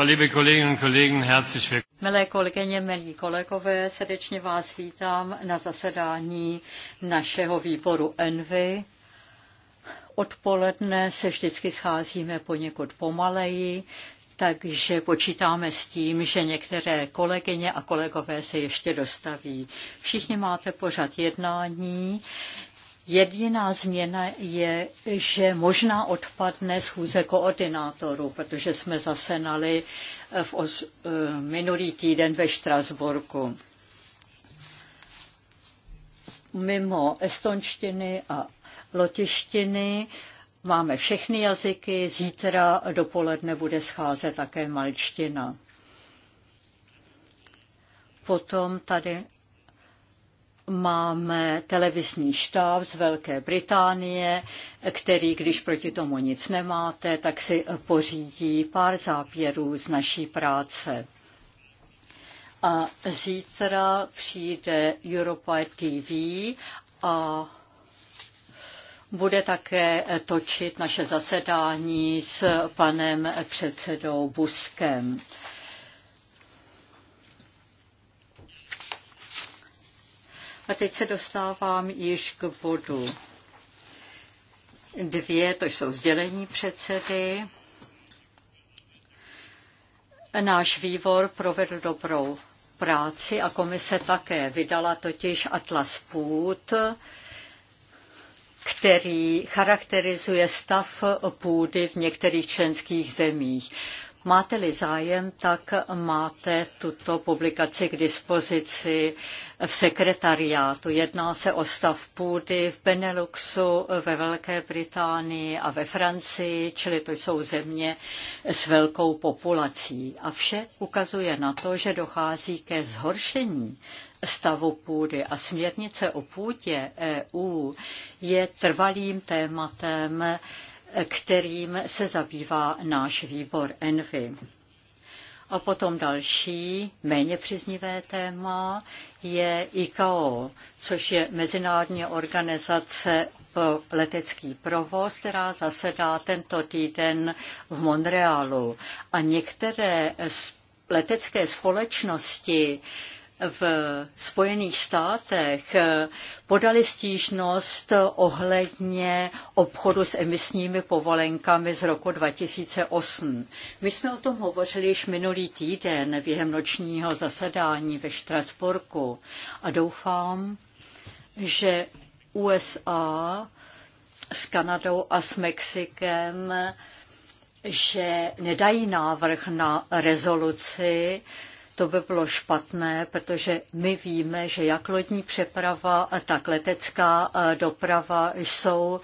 Milé kolegyně, milí kolegové, srdečně vás vítám na zasedání našeho výboru Envy. Odpoledne se vždycky scházíme poněkud pomaleji, takže počítáme s tím, že některé kolegyně a kolegové se ještě dostaví. Všichni máte pořad jednání. Jediná změna je, že možná odpadne schůze koordinátorů, protože jsme zasenali eh, v os, eh, minulý týden ve Štrasburku. Mimo estonštiny a lotištiny máme všechny jazyky, zítra dopoledne bude scházet také malčtina. Potom tady máme televizní štáb z Velké Británie, který, když proti tomu nic nemáte, tak si pořídí pár záběrů z naší práce. A zítra přijde Europa TV a bude také točit naše zasedání s panem předsedou Buskem. A teď se dostávám již k bodu dvě, to jsou sdělení předsedy. Náš vývor provedl dobrou práci a komise také vydala totiž Atlas půd, který charakterizuje stav půdy v některých členských zemích. Máte-li zájem, tak máte tuto publikaci k dispozici v sekretariátu. Jedná se o stav půdy v Beneluxu, ve Velké Británii a ve Francii, čili to jsou země s velkou populací. A vše ukazuje na to, že dochází ke zhoršení stavu půdy a směrnice o půdě EU je trvalým tématem kterým se zabývá náš výbor Envy. A potom další, méně příznivé téma je ICAO, což je Mezinárodní organizace pro letecký provoz, která zasedá tento týden v Montrealu. A některé letecké společnosti v Spojených státech podali stížnost ohledně obchodu s emisními povolenkami z roku 2008. My jsme o tom hovořili již minulý týden během nočního zasedání ve Štrasburku a doufám, že USA s Kanadou a s Mexikem že nedají návrh na rezoluci, to by bylo špatné, protože my víme, že jak lodní přeprava, tak letecká eh, doprava jsou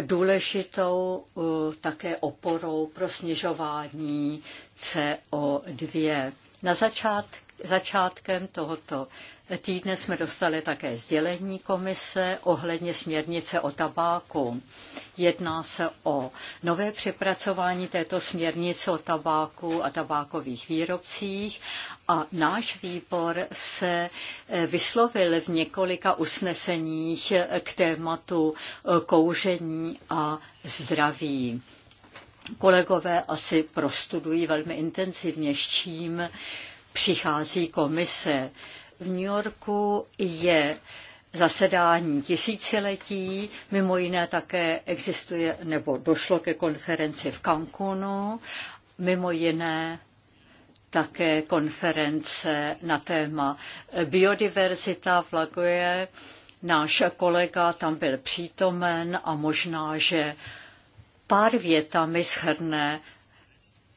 důležitou eh, také oporou pro snižování CO2. Na začátku začátkem tohoto týdne jsme dostali také sdělení komise ohledně směrnice o tabáku. Jedná se o nové přepracování této směrnice o tabáku a tabákových výrobcích a náš výbor se eh, vyslovil v několika usneseních eh, k tématu eh, kouření a zdraví. Kolegové asi prostudují velmi intenzivně, s čím přichází komise. V New Yorku je zasedání tisíciletí, mimo jiné také existuje nebo došlo ke konferenci v Cancunu, mimo jiné také konference na téma biodiverzita v Laguje. Náš kolega tam byl přítomen a možná, že pár větami shrne,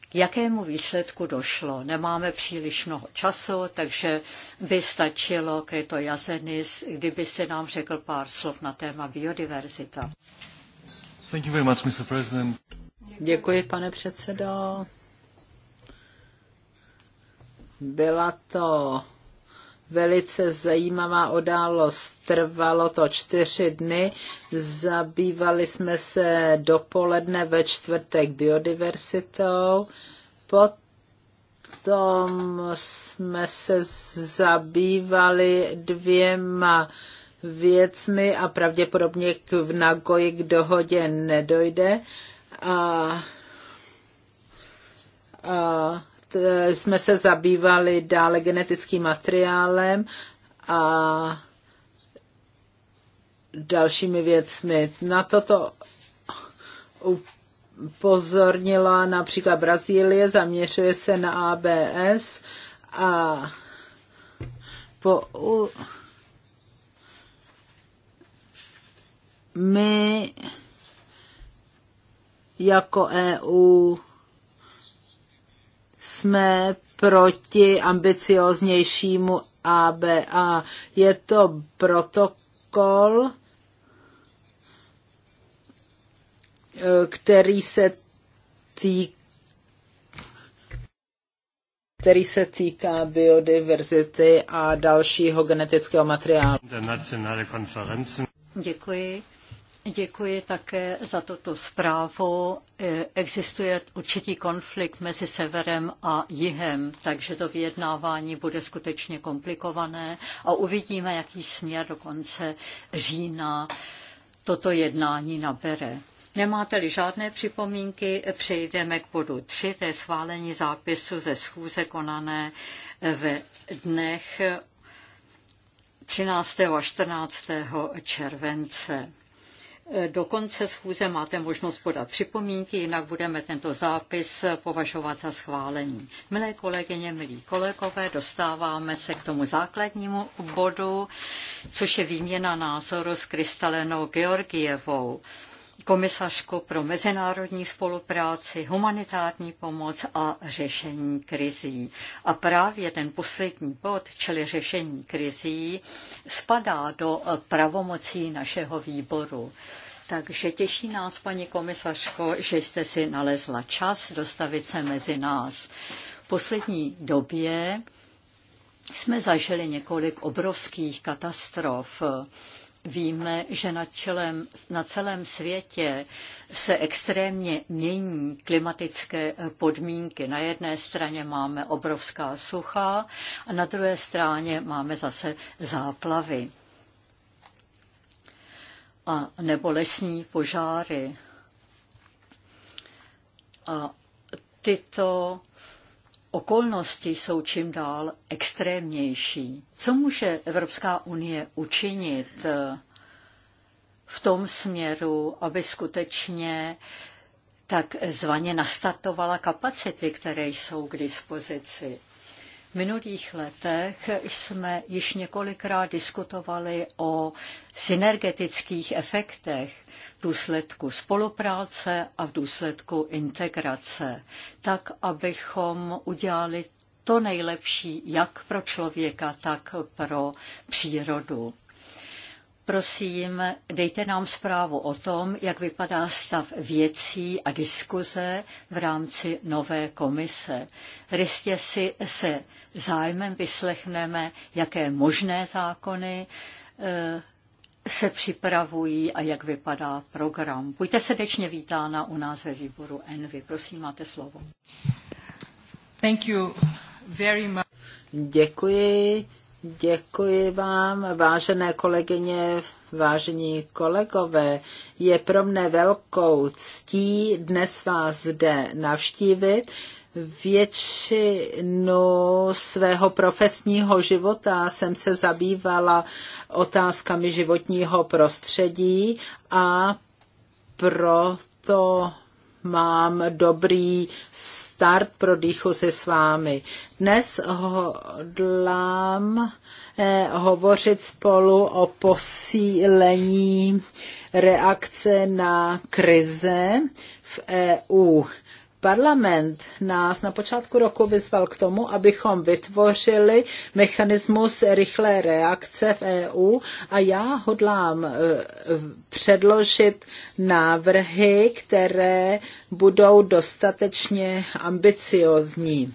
k jakému výsledku došlo. Nemáme příliš mnoho času, takže by stačilo, Kryto Jazenis, kdyby se nám řekl pár slov na téma biodiverzita. Thank you very much, Mr. President. Děkuji, pane předsedo. Byla to velice zajímavá událost. Trvalo to čtyři dny. Zabývali jsme se dopoledne ve čtvrtek biodiverzitou. Potom jsme se zabývali dvěma věcmi a pravděpodobně k, v Nagoji k dohodě nedojde. A, a Eh, jsme se zabývali dále genetickým materiálem a dalšími věcmi. Na toto upozornila například Brazílie, zaměřuje se na ABS a po, u, my jako EU jsme proti ambicioznějšímu ABA. Je to protokol, který se týká který se týká biodiverzity a dalšího genetického materiálu. Děkuji. Děkuji také za tuto zprávu. E, existuje určitý konflikt mezi severem a jihem, takže to vyjednávání bude skutečně komplikované a uvidíme, jaký směr do konce října toto jednání nabere. Nemáte-li žádné připomínky, přejdeme k bodu 3, to je schválení zápisu ze schůze konané ve dnech 13. a 14. července. E, do konce schůze máte možnost podat připomínky, jinak budeme tento zápis považovat za schválení. Milé kolegyně, milí kolegové, dostáváme se k tomu základnímu bodu, což je výměna názoru s Kristalenou Georgievou komisařko pro mezinárodní spolupráci, humanitární pomoc a řešení krizí. A právě ten poslední bod, čili řešení krizí, spadá do pravomocí našeho výboru. Takže těší nás, paní komisařko, že jste si nalezla čas dostavit se mezi nás. V poslední době jsme zažili několik obrovských katastrof Víme, že na, čelem, na celém světě se extrémně mění klimatické eh, podmínky. Na jedné straně máme obrovská sucha a na druhé straně máme zase záplavy a nebo lesní požáry. A tyto okolnosti jsou čím dál extrémnější. Co může Evropská unie učinit eh, v tom směru, aby skutečně tak zvaně nastartovala kapacity, které jsou k dispozici? minulých letech jsme již několikrát diskutovali o synergetických efektech v důsledku spolupráce a v důsledku integrace, tak abychom udělali to nejlepší jak pro člověka, tak pro přírodu. Prosím, dejte nám zprávu o tom, jak vypadá stav věcí a diskuze v rámci nové komise. Rystě si se zájmem vyslechneme, jaké možné zákony eh, se připravují a jak vypadá program. Buďte srdečně vítána u nás ve výboru Envy. Prosím, máte slovo. Thank you very much. Děkuji Děkuji vám, vážené kolegyně, vážení kolegové. Je pro mne velkou ctí dnes vás zde navštívit. Většinu svého profesního života jsem se zabývala otázkami životního prostředí a proto mám dobrý start pro dýchu se s vámi. Dnes hodlám eh, hovořit spolu o posílení reakce na krize v EU. Parlament nás na počátku roku vyzval k tomu, abychom vytvořili mechanismus rychlé reakce v EU a já hodlám e, předložit návrhy, které budou dostatečně ambiciozní.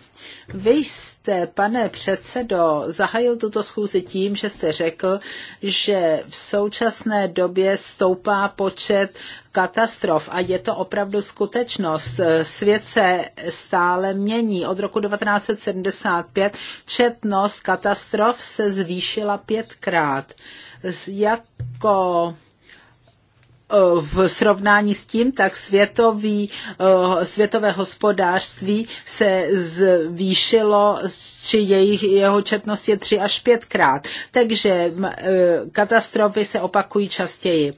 Vy jste, pane předsedo, zahájil tuto schůzi tím, že jste řekl, že v současné době stoupá počet katastrof a je to opravdu skutečnost. Svět se stále mění. Od roku 1975 četnost katastrof se zvýšila pětkrát. Jako v srovnání s tím, tak světový, eh, světové hospodářství se zvýšilo, či jejich, jeho četnost je tři až pětkrát. Takže eh, katastrofy se opakují častěji.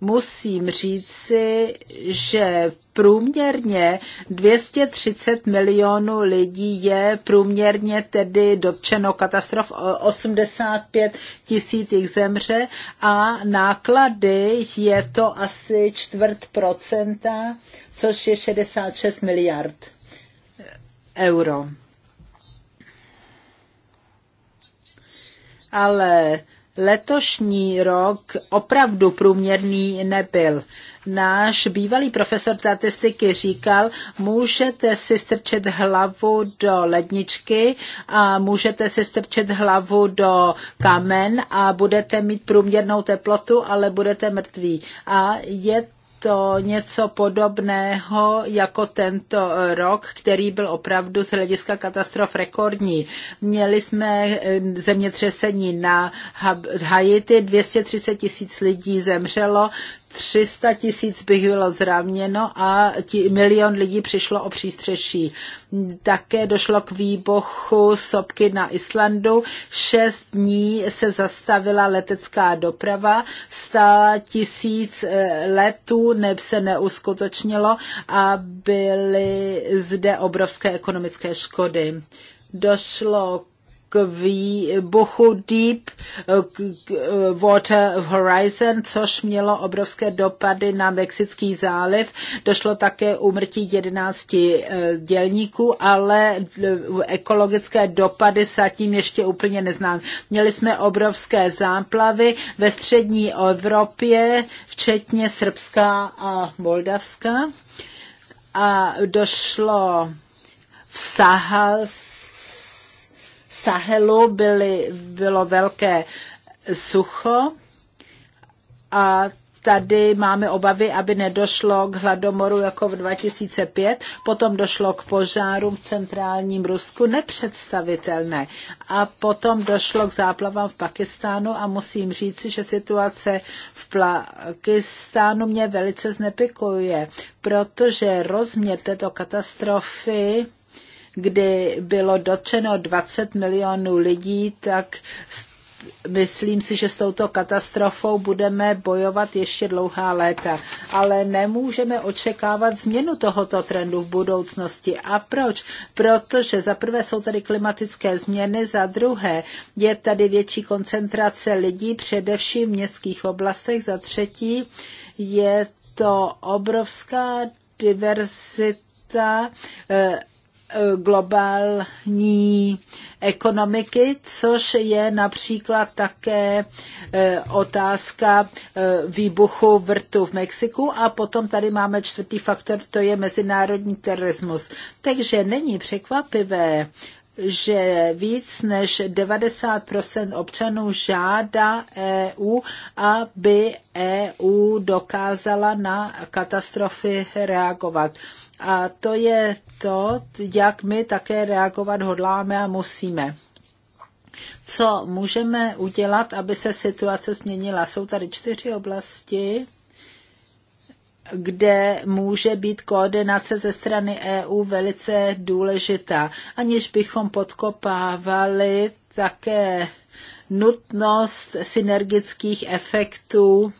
Musím říci, že průměrně 230 milionů lidí je průměrně tedy dotčeno katastrof, 85 tisíc jich zemře a náklady je to asi čtvrt procenta, což je 66 miliard euro. Ale letošní rok opravdu průměrný nebyl náš bývalý profesor statistiky říkal, můžete si strčet hlavu do ledničky a můžete si strčet hlavu do kamen a budete mít průměrnou teplotu, ale budete mrtví. A je to něco podobného jako tento rok, který byl opravdu z hlediska katastrof rekordní. Měli jsme eh, zemětřesení na Haiti, 230 tisíc lidí zemřelo, 300 tisíc bych bylo zraměno a tí, milion lidí přišlo o přístřeší. Také došlo k výbochu sopky na Islandu. Šest dní se zastavila letecká doprava. Stála tisíc eh, letů neb se neuskutečnilo a byly zde obrovské ekonomické škody. Došlo Eh, k Bochu eh, Deep Water Horizon, což mělo obrovské dopady na Mexický záliv. Došlo také umrtí 11 eh, dělníků, ale ekologické dopady tím ještě úplně neznám. Měli jsme obrovské záplavy ve střední Evropě, včetně Srbská a Moldavska. A došlo v Sahalsku Sahelu byly, bylo velké sucho a tady máme obavy, aby nedošlo k hladomoru jako v 2005, potom došlo k požárům v centrálním Rusku, nepředstavitelné. A potom došlo k záplavám v Pakistánu a musím říci, že situace v Pakistánu mě velice znepikuje, protože rozměr této katastrofy kdy bylo dotčeno 20 milionů lidí, tak myslím si, že s touto katastrofou budeme bojovat ještě dlouhá léta. Ale nemůžeme očekávat změnu tohoto trendu v budoucnosti. A proč? Protože za prvé jsou tady klimatické změny, za druhé je tady větší koncentrace lidí, především v městských oblastech, za třetí je to obrovská diverzita eh, Eh, globální ekonomiky, což je například také eh, otázka eh, výbuchu vrtu v Mexiku a potom tady máme čtvrtý faktor, to je mezinárodní terorismus. Takže není překvapivé, že víc než 90 občanů žádá EU, aby EU dokázala na katastrofy reagovat. A to je to, jak my také reagovat hodláme a musíme. Co můžeme udělat, aby se situace změnila? Jsou tady čtyři oblasti, kde může být koordinace ze strany EU velice důležitá, aniž bychom podkopávali také nutnost synergických efektů.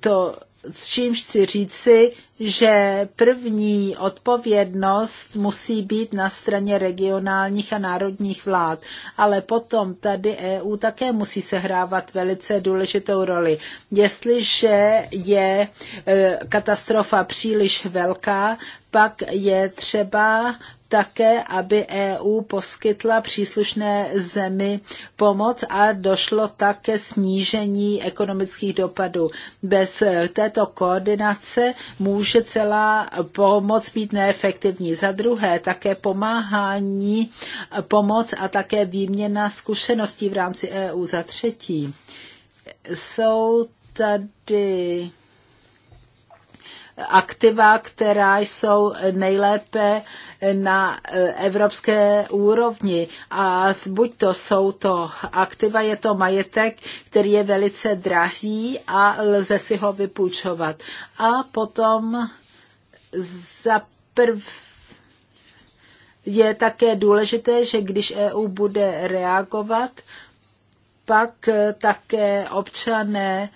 To, s čímž chci říci, že první odpovědnost musí být na straně regionálních a národních vlád, ale potom tady EU také musí sehrávat velice důležitou roli. Jestliže je e, katastrofa příliš velká, pak je třeba také, aby EU poskytla příslušné zemi pomoc a došlo také snížení ekonomických dopadů. Bez této koordinace může celá pomoc být neefektivní. Za druhé, také pomáhání, pomoc a také výměna zkušeností v rámci EU. Za třetí, jsou tady aktiva, která jsou nejlépe na e, evropské úrovni. A buď to jsou to aktiva, je to majetek, který je velice drahý a lze si ho vypůjčovat. A potom za prv je také důležité, že když EU bude reagovat, pak také občané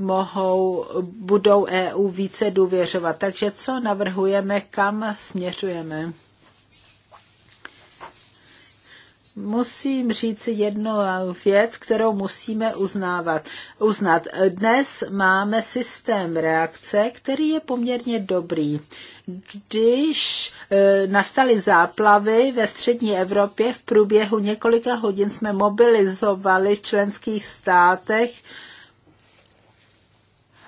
mohou, budou EU více důvěřovat. Takže co navrhujeme, kam směřujeme? musím říct jednu věc, kterou musíme uznávat. uznat. Dnes máme systém reakce, který je poměrně dobrý. Když e, nastaly záplavy ve střední Evropě, v průběhu několika hodin jsme mobilizovali v členských státech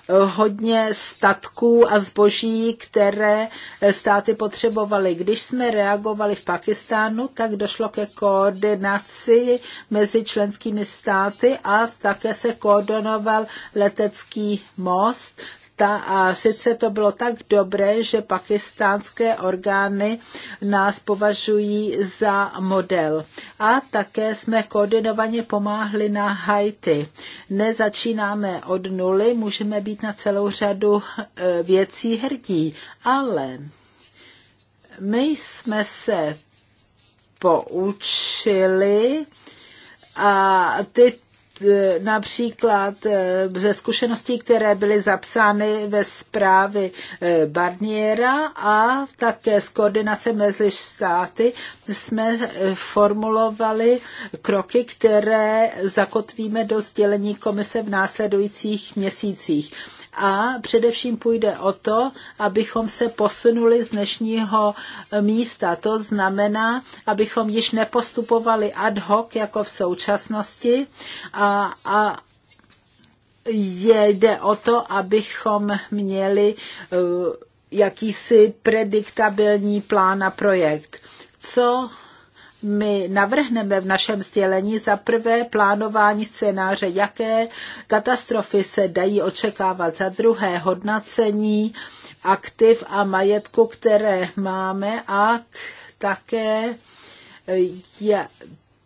hodně statků a zboží, které státy potřebovaly. Když jsme reagovali v Pakistánu, tak došlo ke koordinaci mezi členskými státy a také se koordinoval letecký most, ta, a sice to bylo tak dobré, že pakistánské orgány nás považují za model. A také jsme koordinovaně pomáhli na Haiti. Nezačínáme od nuly, můžeme být na celou řadu e, věcí hrdí, ale my jsme se poučili a tyto E, například e, ze zkušeností, které byly zapsány ve zprávy e, Barniera a také z koordinace mezi státy jsme formulovali kroky, které zakotvíme do sdělení komise v následujících měsících a především půjde o to, abychom se posunuli z dnešního e, místa. To znamená, abychom již nepostupovali ad hoc jako v současnosti a, a jde o to, abychom měli e, jakýsi prediktabilní plán a projekt. Co my navrhneme v našem sdělení za prvé plánování scénáře, jaké katastrofy se dají očekávat, za druhé hodnacení aktiv a majetku, které máme a také eh,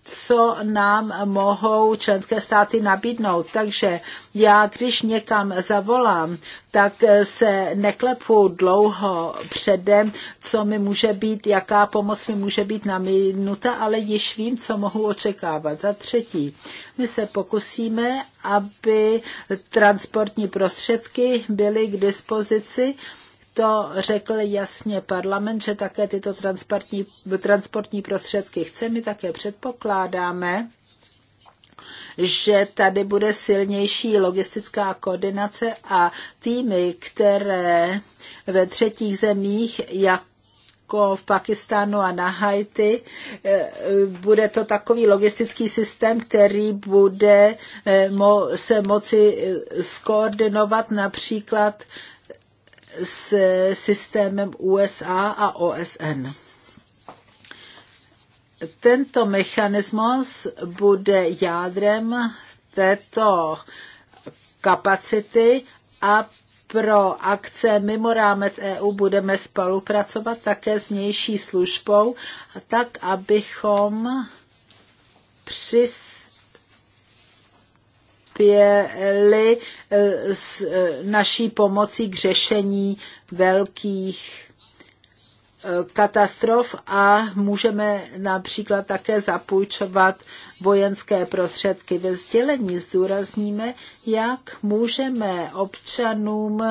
co nám mohou členské státy nabídnout. Takže já, když někam zavolám, tak se neklepu dlouho předem, co mi může být, jaká pomoc mi může být naminuta, ale již vím, co mohu očekávat. Za třetí, my se pokusíme, aby transportní prostředky byly k dispozici to řekl jasně parlament, že také tyto transportní, transportní prostředky chce. My také předpokládáme, že tady bude silnější logistická koordinace a týmy, které ve třetích zemích, jak jako v Pakistánu a na Haiti. Eh, bude to takový logistický systém, který bude eh, se moci eh, skoordinovat například s systémem USA a OSN. Tento mechanismus bude jádrem této kapacity a pro akce mimo rámec EU budeme spolupracovat také s vnější službou, tak abychom přis přispěli eh, s eh, naší pomocí k řešení velkých katastrof a můžeme například také zapůjčovat vojenské prostředky. Ve sdělení zdůrazníme, jak můžeme občanům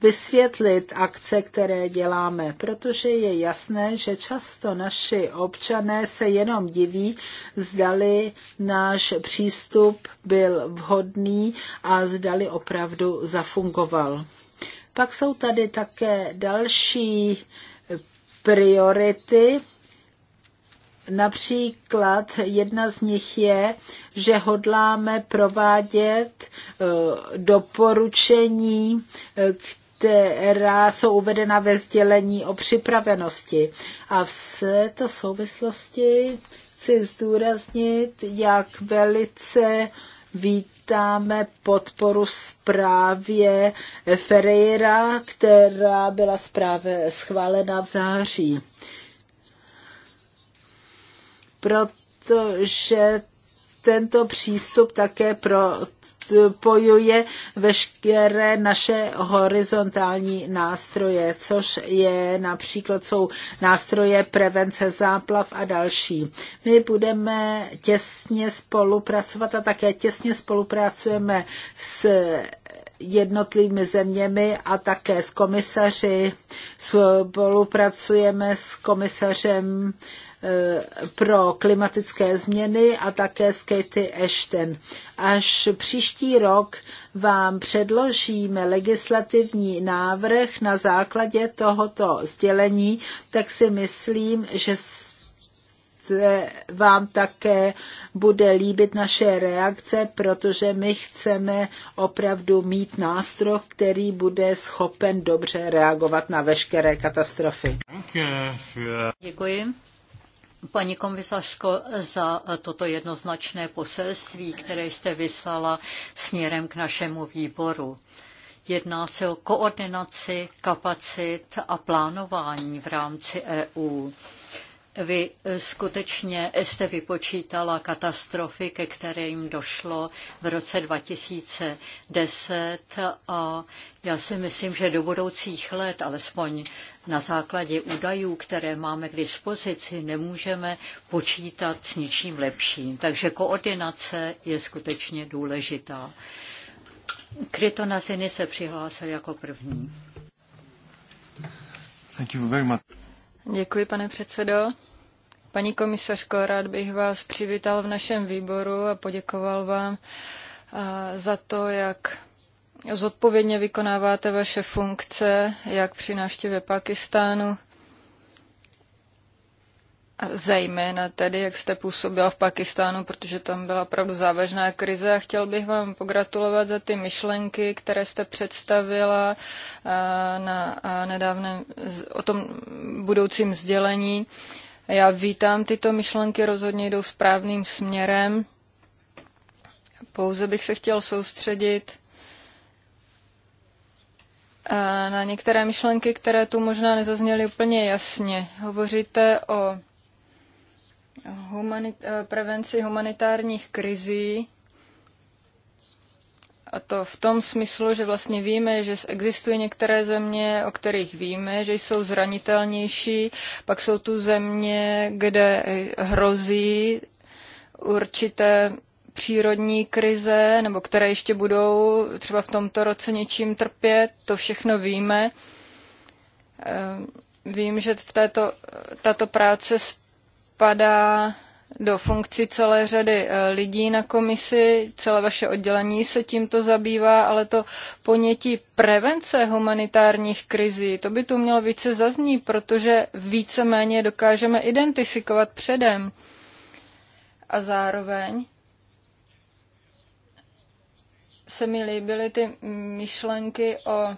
vysvětlit akce, které děláme, protože je jasné, že často naši občané se jenom diví, zdali náš přístup byl vhodný a zdali opravdu zafungoval. Pak jsou tady také další priority. Například jedna z nich je, že hodláme provádět eh, doporučení, eh, která jsou uvedena ve sdělení o připravenosti. A v této souvislosti chci zdůraznit, jak velice vít vítáme podporu zprávě Ferreira, která byla zprávě schválena v září. Protože tento přístup také propojuje veškeré naše horizontální nástroje, což je například jsou nástroje prevence záplav a další. My budeme těsně spolupracovat a také těsně spolupracujeme s jednotlivými zeměmi a také s komisaři. Spolupracujeme s komisařem Eh, pro klimatické změny a také s Katie Ashton. Až příští rok vám předložíme legislativní návrh na základě tohoto sdělení, tak si myslím, že se vám také bude líbit naše reakce, protože my chceme opravdu mít nástroj, který bude schopen dobře reagovat na veškeré katastrofy. Děkuji paní komisařko, za toto jednoznačné poselství, které jste vyslala směrem k našemu výboru. Jedná se o koordinaci kapacit a plánování v rámci EU. Vy eh, skutečně jste vypočítala katastrofy, ke kterým došlo v roce 2010 a já si myslím, že do budoucích let, alespoň na základě údajů, které máme k dispozici, nemůžeme počítat s ničím lepším. Takže koordinace je skutečně důležitá. Krytonaziny se přihlásil jako první. Thank you very much. Děkuji, pane předsedo. Paní komisařko, rád bych vás přivítal v našem výboru a poděkoval vám za to, jak zodpovědně vykonáváte vaše funkce, jak při návštěvě Pakistánu Zejména tedy, jak jste působila v Pakistánu, protože tam byla opravdu závažná krize a chtěl bych vám pogratulovat za ty myšlenky, které jste představila na nedávném, o tom budoucím sdělení. Já vítám tyto myšlenky, rozhodně jdou správným směrem. Pouze bych se chtěl soustředit na některé myšlenky, které tu možná nezazněly úplně jasně. Hovoříte o humanit, eh, prevenci humanitárních krizí. A to v tom smyslu, že vlastně víme, že existují některé země, o kterých víme, že jsou zranitelnější, pak jsou tu země, kde eh, hrozí určité přírodní krize, nebo které ještě budou třeba v tomto roce něčím trpět, to všechno víme. Ehm, vím, že v této, tato práce s spadá do funkcí celé řady eh, lidí na komisi, celé vaše oddělení se tímto zabývá, ale to ponětí prevence humanitárních krizí, to by tu mělo více zaznít, protože víceméně dokážeme identifikovat předem. A zároveň se mi líbily ty myšlenky o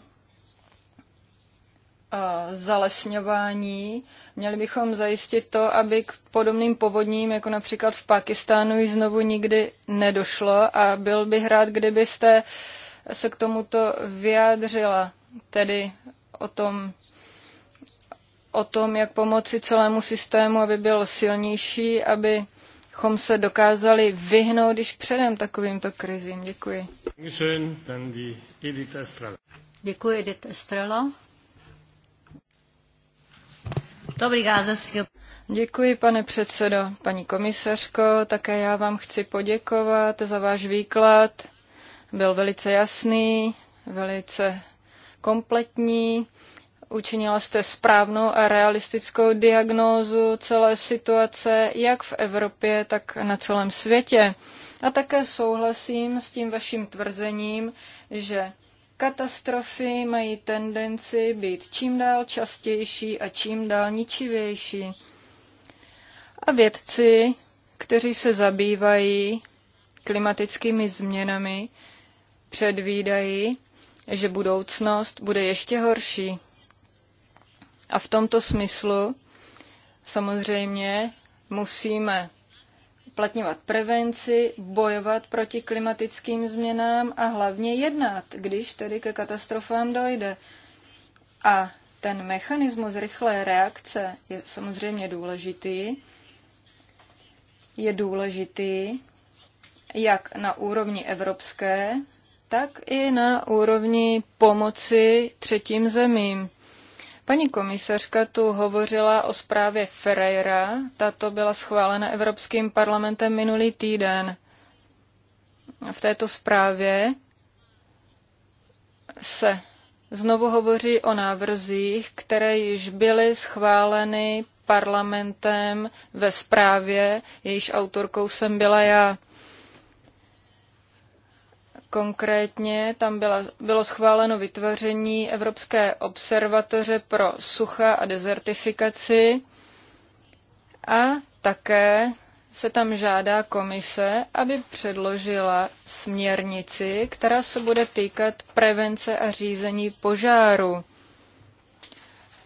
zalesňování. Měli bychom zajistit to, aby k podobným povodním, jako například v Pakistánu, již znovu nikdy nedošlo a byl bych rád, kdybyste se k tomuto vyjádřila, tedy o tom, o tom, jak pomoci celému systému, aby byl silnější, abychom se dokázali vyhnout již předem takovýmto krizím. Děkuji. Děkuji, Edith Estrela. Děkuji, pane předsedo. Paní komisařko, také já vám chci poděkovat za váš výklad. Byl velice jasný, velice kompletní. Učinila jste správnou a realistickou diagnózu celé situace, jak v Evropě, tak na celém světě. A také souhlasím s tím vaším tvrzením, že Katastrofy mají tendenci být čím dál častější a čím dál ničivější. A vědci, kteří se zabývají klimatickými změnami, předvídají, že budoucnost bude ještě horší. A v tomto smyslu samozřejmě musíme uplatňovat prevenci, bojovat proti klimatickým změnám a hlavně jednat, když tedy ke katastrofám dojde. A ten mechanismus rychlé reakce je samozřejmě důležitý. Je důležitý jak na úrovni evropské, tak i na úrovni pomoci třetím zemím. Paní komisařka tu hovořila o zprávě Ferreira. Tato byla schválena Evropským parlamentem minulý týden. V této zprávě se znovu hovoří o návrzích, které již byly schváleny parlamentem ve zprávě, jejíž autorkou jsem byla já. Konkrétně tam byla, bylo schváleno vytvoření Evropské observatoře pro sucha a dezertifikaci a také se tam žádá komise, aby předložila směrnici, která se bude týkat prevence a řízení požáru.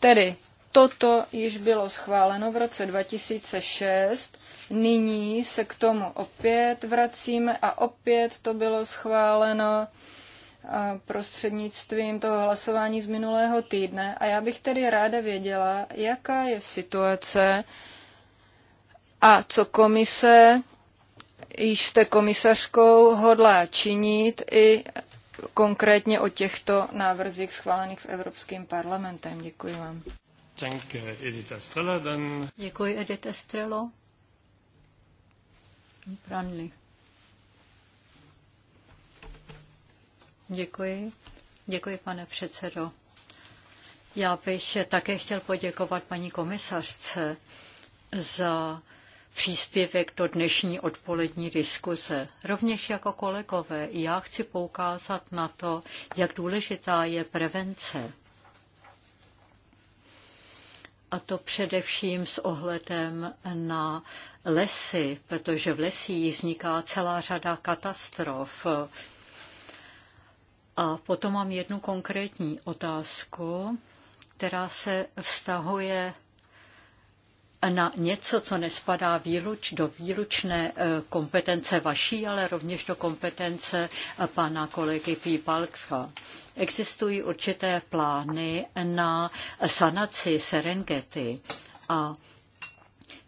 Tedy toto již bylo schváleno v roce 2006 Nyní se k tomu opět vracíme a opět to bylo schváleno eh, prostřednictvím toho hlasování z minulého týdne. A já bych tedy ráda věděla, jaká je situace a co komise, již jste komisařkou, hodlá činit i konkrétně o těchto návrzích schválených v Evropským parlamentem. Děkuji vám. Děkuji, Edith Estrello. Branly. Děkuji. Děkuji, pane předsedo. Já bych také chtěl poděkovat paní komisařce za příspěvek do dnešní odpolední diskuze. Rovněž jako kolegové i já chci poukázat na to, jak důležitá je prevence. A to především s ohledem na lesy, protože v lesích vzniká celá řada katastrof. A potom mám jednu konkrétní otázku, která se vztahuje na něco, co nespadá výluč, do výlučné eh, kompetence vaší, ale rovněž do kompetence eh, pana kolegy Pípalksa. Existují určité plány na eh, sanaci Serengeti a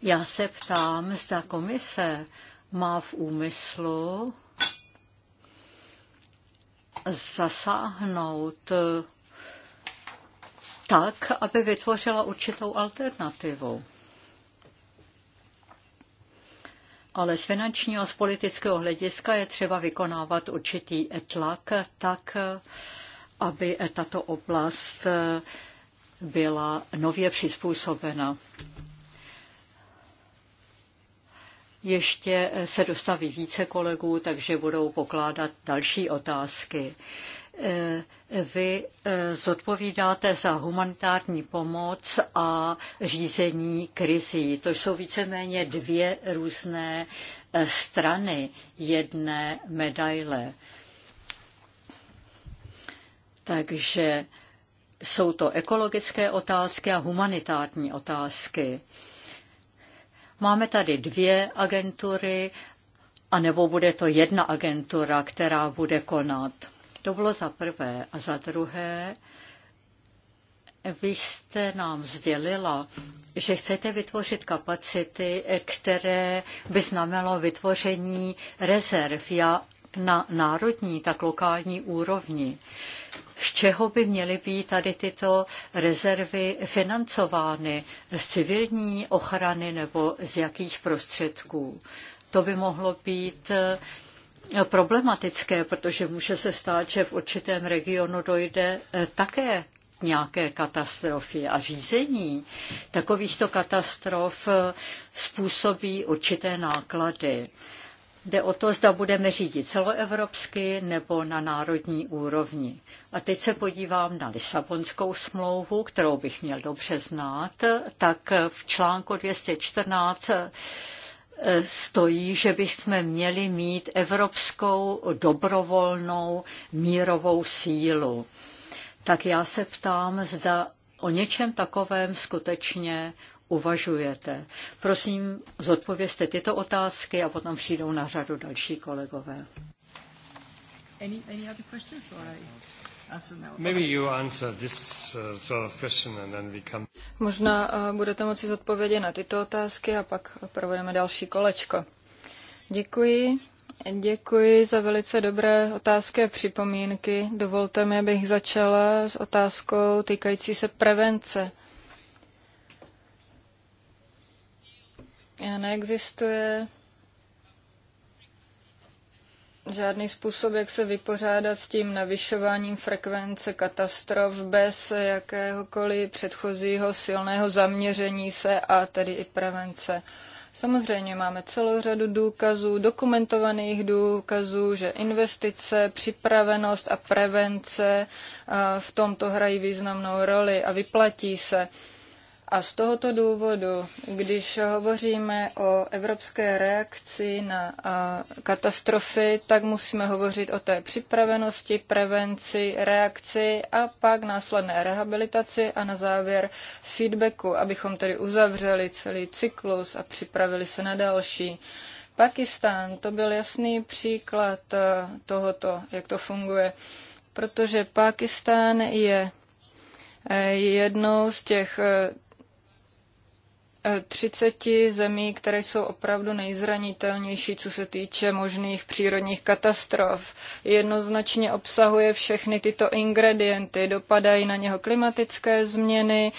já se ptám, zda komise má v úmyslu zasáhnout tak, aby vytvořila určitou alternativu. Ale z finančního a z politického hlediska je třeba vykonávat určitý tlak tak, aby tato oblast byla nově přizpůsobena. Ještě eh, se dostaví více kolegů, takže budou pokládat další otázky. Eh, vy eh, zodpovídáte za humanitární pomoc a řízení krizí. To jsou víceméně dvě různé strany jedné medaile. Takže jsou to ekologické otázky a humanitární otázky. Máme tady dvě agentury, anebo bude to jedna agentura, která bude konat. To bylo za prvé. A za druhé, vy jste nám sdělila, že chcete vytvořit kapacity, které by znamenalo vytvoření rezerv jak na národní, tak lokální úrovni z čeho by měly být tady tyto rezervy financovány, z civilní ochrany nebo z jakých prostředků. To by mohlo být eh, problematické, protože může se stát, že v určitém regionu dojde eh, také nějaké katastrofy a řízení takovýchto katastrof eh, způsobí určité náklady. Jde o to, zda budeme řídit celoevropsky nebo na národní úrovni. A teď se podívám na Lisabonskou smlouvu, kterou bych měl dobře znát. Tak v článku 214 eh, stojí, že bychom měli mít evropskou dobrovolnou mírovou sílu. Tak já se ptám, zda o něčem takovém skutečně uvažujete. Prosím, zodpovězte tyto otázky a potom přijdou na řadu další kolegové. Any, any other questions? Uh, Možná uh, budete moci zodpovědět na tyto otázky a pak provedeme další kolečko. Děkuji. Děkuji za velice dobré otázky a připomínky. Dovolte mi, abych začala s otázkou týkající se prevence. neexistuje žádný způsob, jak se vypořádat s tím navyšováním frekvence katastrof bez jakéhokoliv předchozího silného zaměření se a tedy i prevence. Samozřejmě máme celou řadu důkazů, dokumentovaných důkazů, že investice, připravenost a prevence v tomto hrají významnou roli a vyplatí se. A z tohoto důvodu, když hovoříme o evropské reakci na katastrofy, tak musíme hovořit o té připravenosti, prevenci, reakci a pak následné rehabilitaci a na závěr feedbacku, abychom tedy uzavřeli celý cyklus a připravili se na další. Pakistán, to byl jasný příklad tohoto, jak to funguje, protože Pakistán je jednou z těch 30 zemí, které jsou opravdu nejzranitelnější, co se týče možných přírodních katastrof. Jednoznačně obsahuje všechny tyto ingredienty, dopadají na něho klimatické změny,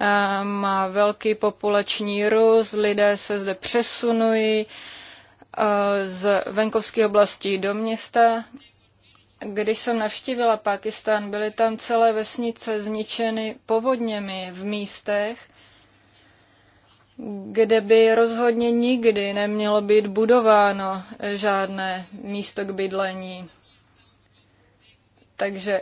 eh, má velký populační růst, lidé se zde přesunují eh, z venkovských oblastí do města. Když jsem navštívila Pakistán, byly tam celé vesnice zničeny povodněmi v místech, kde by rozhodně nikdy nemělo být budováno žádné místo k bydlení. Takže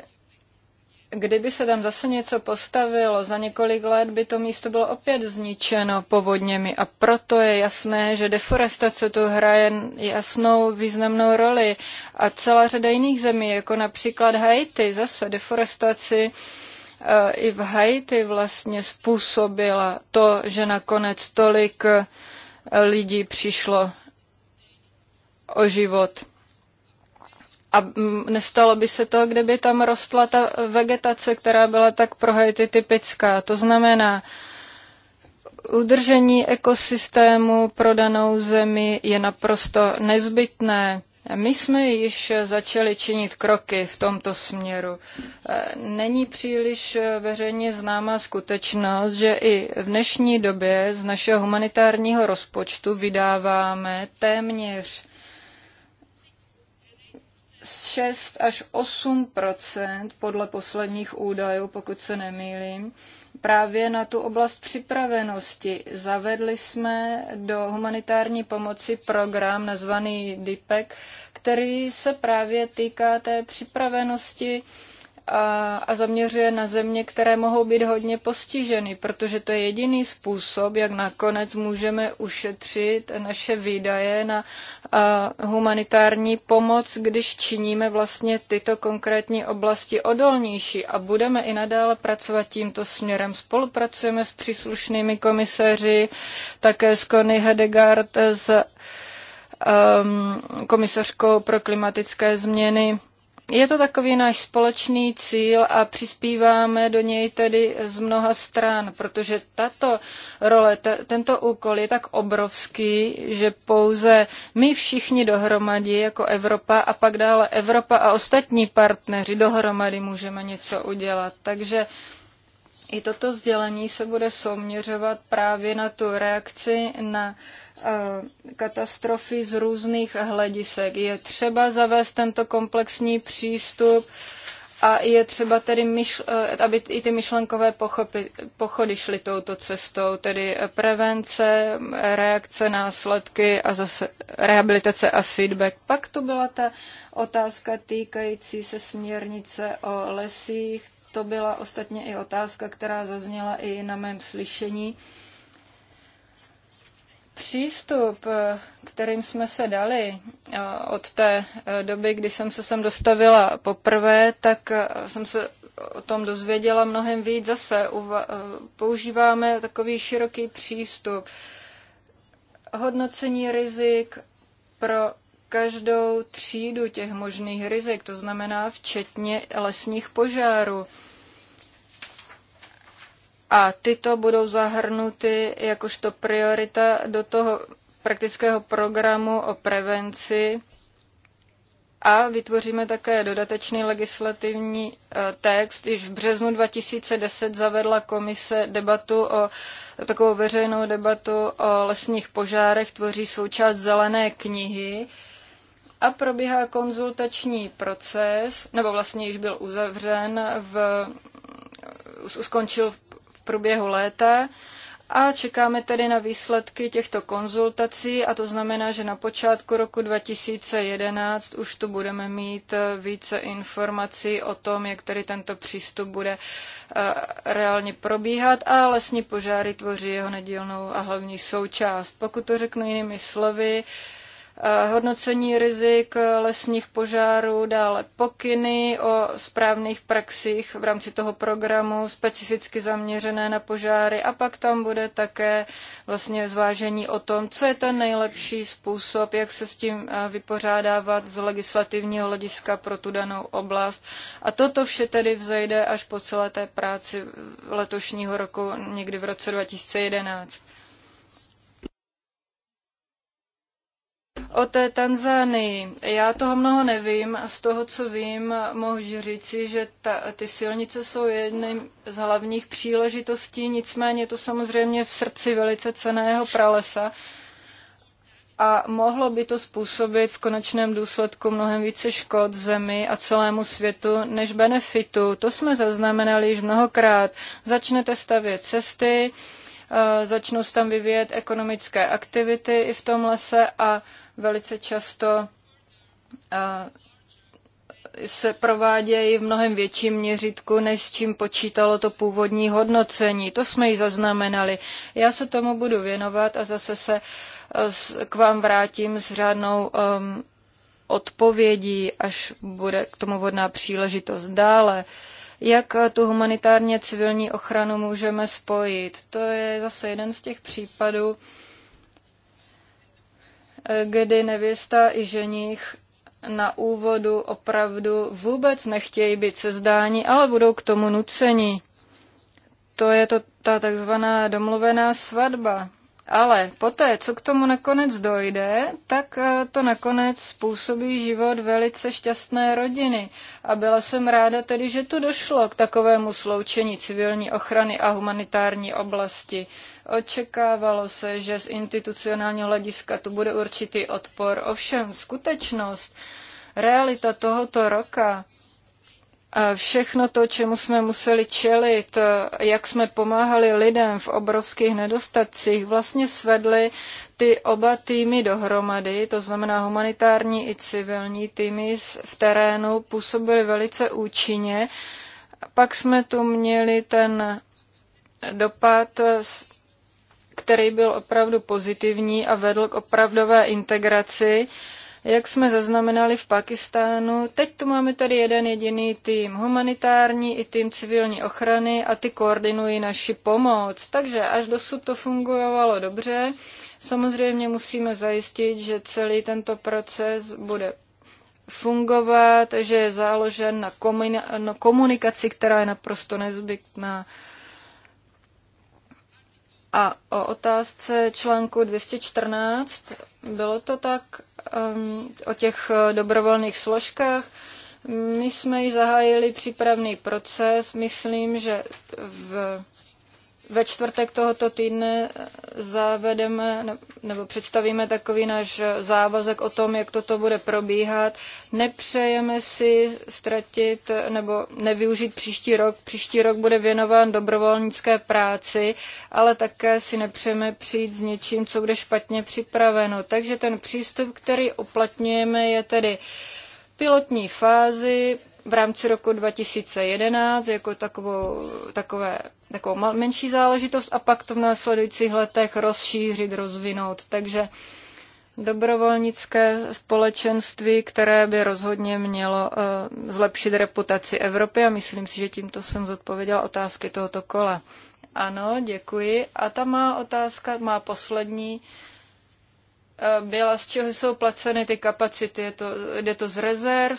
kdyby se tam zase něco postavilo, za několik let by to místo bylo opět zničeno povodněmi a proto je jasné, že deforestace tu hraje jasnou významnou roli a celá řada jiných zemí, jako například Haiti, zase deforestaci Eh, i v Haiti vlastně způsobila to, že nakonec tolik eh, lidí přišlo o život. A mm, nestalo by se to, kdyby tam rostla ta vegetace, která byla tak pro Haiti typická. To znamená, udržení ekosystému pro danou zemi je naprosto nezbytné. My jsme již začali činit kroky v tomto směru. Není příliš veřejně známá skutečnost, že i v dnešní době z našeho humanitárního rozpočtu vydáváme téměř 6 až 8 podle posledních údajů, pokud se nemýlím, právě na tu oblast připravenosti. Zavedli jsme do humanitární pomoci program nazvaný DIPEC, který se právě týká té připravenosti a, a zaměřuje na země, které mohou být hodně postiženy, protože to je jediný způsob, jak nakonec můžeme ušetřit naše výdaje na a, humanitární pomoc, když činíme vlastně tyto konkrétní oblasti odolnější a budeme i nadále pracovat tímto směrem. Spolupracujeme s příslušnými komisaři, také s Conny Hedegaard, s um, komisařkou pro klimatické změny je to takový náš společný cíl a přispíváme do něj tedy z mnoha stran, protože tato role, t- tento úkol je tak obrovský, že pouze my všichni dohromady jako Evropa a pak dále Evropa a ostatní partneři dohromady můžeme něco udělat. Takže i toto sdělení se bude souměřovat právě na tu reakci na uh, Eh, katastrofy z různých hledisek. Je třeba zavést tento komplexní přístup a je třeba tedy, myšl, eh, aby i ty myšlenkové pochody šly touto cestou, tedy prevence, reakce, následky a zase rehabilitace a feedback. Pak to byla ta otázka týkající se směrnice o lesích. To byla ostatně i otázka, která zazněla i na mém slyšení. Uh, Přístup, eh, kterým jsme se dali eh, od té eh, doby, kdy jsem se sem dostavila poprvé, tak jsem se o tom dozvěděla mnohem víc zase. Používáme takový široký přístup. Hodnocení rizik pro každou třídu těch možných rizik, to znamená včetně lesních požárů. A tyto budou zahrnuty jakožto priorita do toho praktického programu o prevenci a vytvoříme také dodatečný legislativní e, text. Již v březnu 2010 zavedla komise debatu o takovou veřejnou debatu o lesních požárech, tvoří součást zelené knihy a probíhá konzultační proces, nebo vlastně již byl uzavřen v skončil průběhu léta a čekáme tedy na výsledky těchto konzultací a to znamená, že na počátku roku 2011 už tu budeme mít eh, více informací o tom, jak tedy tento přístup bude eh, reálně probíhat a lesní požáry tvoří jeho nedílnou a hlavní součást. Pokud to řeknu jinými slovy, Eh, hodnocení rizik lesních požárů, dále pokyny o správných praxích v rámci toho programu, specificky zaměřené na požáry a pak tam bude také vlastně zvážení o tom, co je ten nejlepší způsob, jak se s tím eh, vypořádávat z legislativního hlediska pro tu danou oblast. A toto vše tedy vzejde až po celé té práci letošního roku, někdy v roce 2011. O té Tanzánii. Já toho mnoho nevím a z toho, co vím, mohu říci, že ta, ty silnice jsou jedním z hlavních příležitostí, nicméně to samozřejmě v srdci velice ceného pralesa a mohlo by to způsobit v konečném důsledku mnohem více škod zemi a celému světu než benefitu. To jsme zaznamenali již mnohokrát. Začnete stavět cesty, eh, začnou se tam vyvíjet ekonomické aktivity i v tom lese a Velice často se provádějí v mnohem větším měřitku, než s čím počítalo to původní hodnocení. To jsme ji zaznamenali. Já se tomu budu věnovat a zase se k vám vrátím s řádnou um, odpovědí, až bude k tomu vodná příležitost. Dále, jak tu humanitárně civilní ochranu můžeme spojit? To je zase jeden z těch případů, kdy nevěsta i ženich na úvodu opravdu vůbec nechtějí být sezdáni, ale budou k tomu nuceni. To je to, ta takzvaná domluvená svatba. Ale poté, co k tomu nakonec dojde, tak eh, to nakonec způsobí život velice šťastné rodiny. A byla jsem ráda tedy, že tu došlo k takovému sloučení civilní ochrany a humanitární oblasti. Očekávalo se, že z institucionálního hlediska tu bude určitý odpor. Ovšem, skutečnost, realita tohoto roka, všechno to, čemu jsme museli čelit, jak jsme pomáhali lidem v obrovských nedostatcích, vlastně svedly ty oba týmy dohromady, to znamená humanitární i civilní týmy v terénu, působily velice účinně. Pak jsme tu měli ten dopad, který byl opravdu pozitivní a vedl k opravdové integraci jak jsme zaznamenali v Pakistánu, teď tu máme tady jeden jediný tým humanitární i tým civilní ochrany a ty koordinují naši pomoc. Takže až dosud to fungovalo dobře. Samozřejmě musíme zajistit, že celý tento proces bude fungovat, že je záložen na, na komunikaci, která je naprosto nezbytná. A o otázce článku 214, bylo to tak, Um, o těch eh, dobrovolných složkách. My jsme ji zahájili přípravný proces. Myslím, že v ve čtvrtek tohoto týdne eh, zavedeme nebo představíme takový náš závazek o tom, jak toto bude probíhat. Nepřejeme si ztratit eh, nebo nevyužít příští rok. Příští rok bude věnován dobrovolnické práci, ale také si nepřejeme přijít s něčím, co bude špatně připraveno. Takže ten přístup, který uplatňujeme, je tedy pilotní fázi, v rámci roku 2011 jako takovou, takové, takovou menší záležitost a pak to v následujících letech rozšířit, rozvinout. Takže dobrovolnické společenství, které by rozhodně mělo uh, zlepšit reputaci Evropy a myslím si, že tímto jsem zodpověděla otázky tohoto kola. Ano, děkuji. A ta má otázka, má poslední, eh, byla, z čeho jsou placeny ty kapacity. Je to, jde to z rezerv,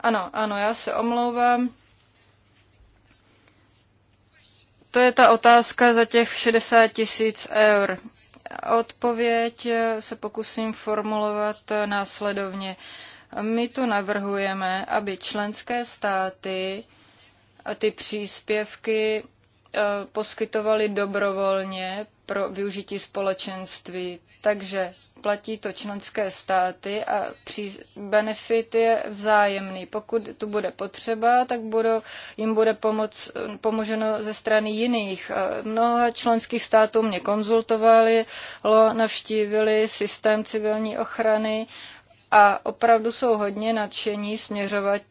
ano, ano, já se omlouvám. To je ta otázka za těch 60 tisíc eur. Odpověď se pokusím formulovat následovně. My tu navrhujeme, aby členské státy ty příspěvky eh, poskytovaly dobrovolně pro využití společenství. Takže platí to členské státy a při benefit je vzájemný. Pokud tu bude potřeba, tak budou, jim bude pomoc, pomoženo ze strany jiných. Mnoha členských států mě konzultovali, navštívili systém civilní ochrany a opravdu jsou hodně nadšení směřovat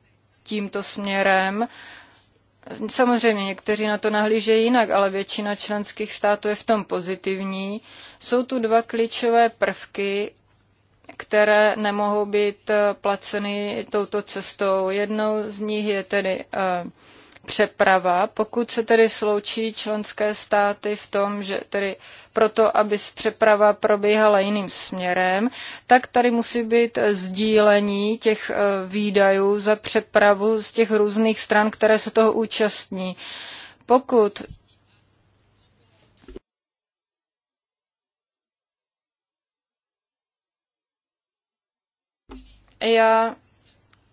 tímto směrem Samozřejmě někteří na to nahlížejí jinak, ale většina členských států je v tom pozitivní. Jsou tu dva klíčové prvky, které nemohou být placeny touto cestou. Jednou z nich je tedy uh, přeprava, pokud se tedy sloučí členské státy v tom, že tedy proto, aby přeprava probíhala jiným směrem, tak tady musí být sdílení těch eh, výdajů za přepravu z těch různých stran, které se toho účastní. Pokud já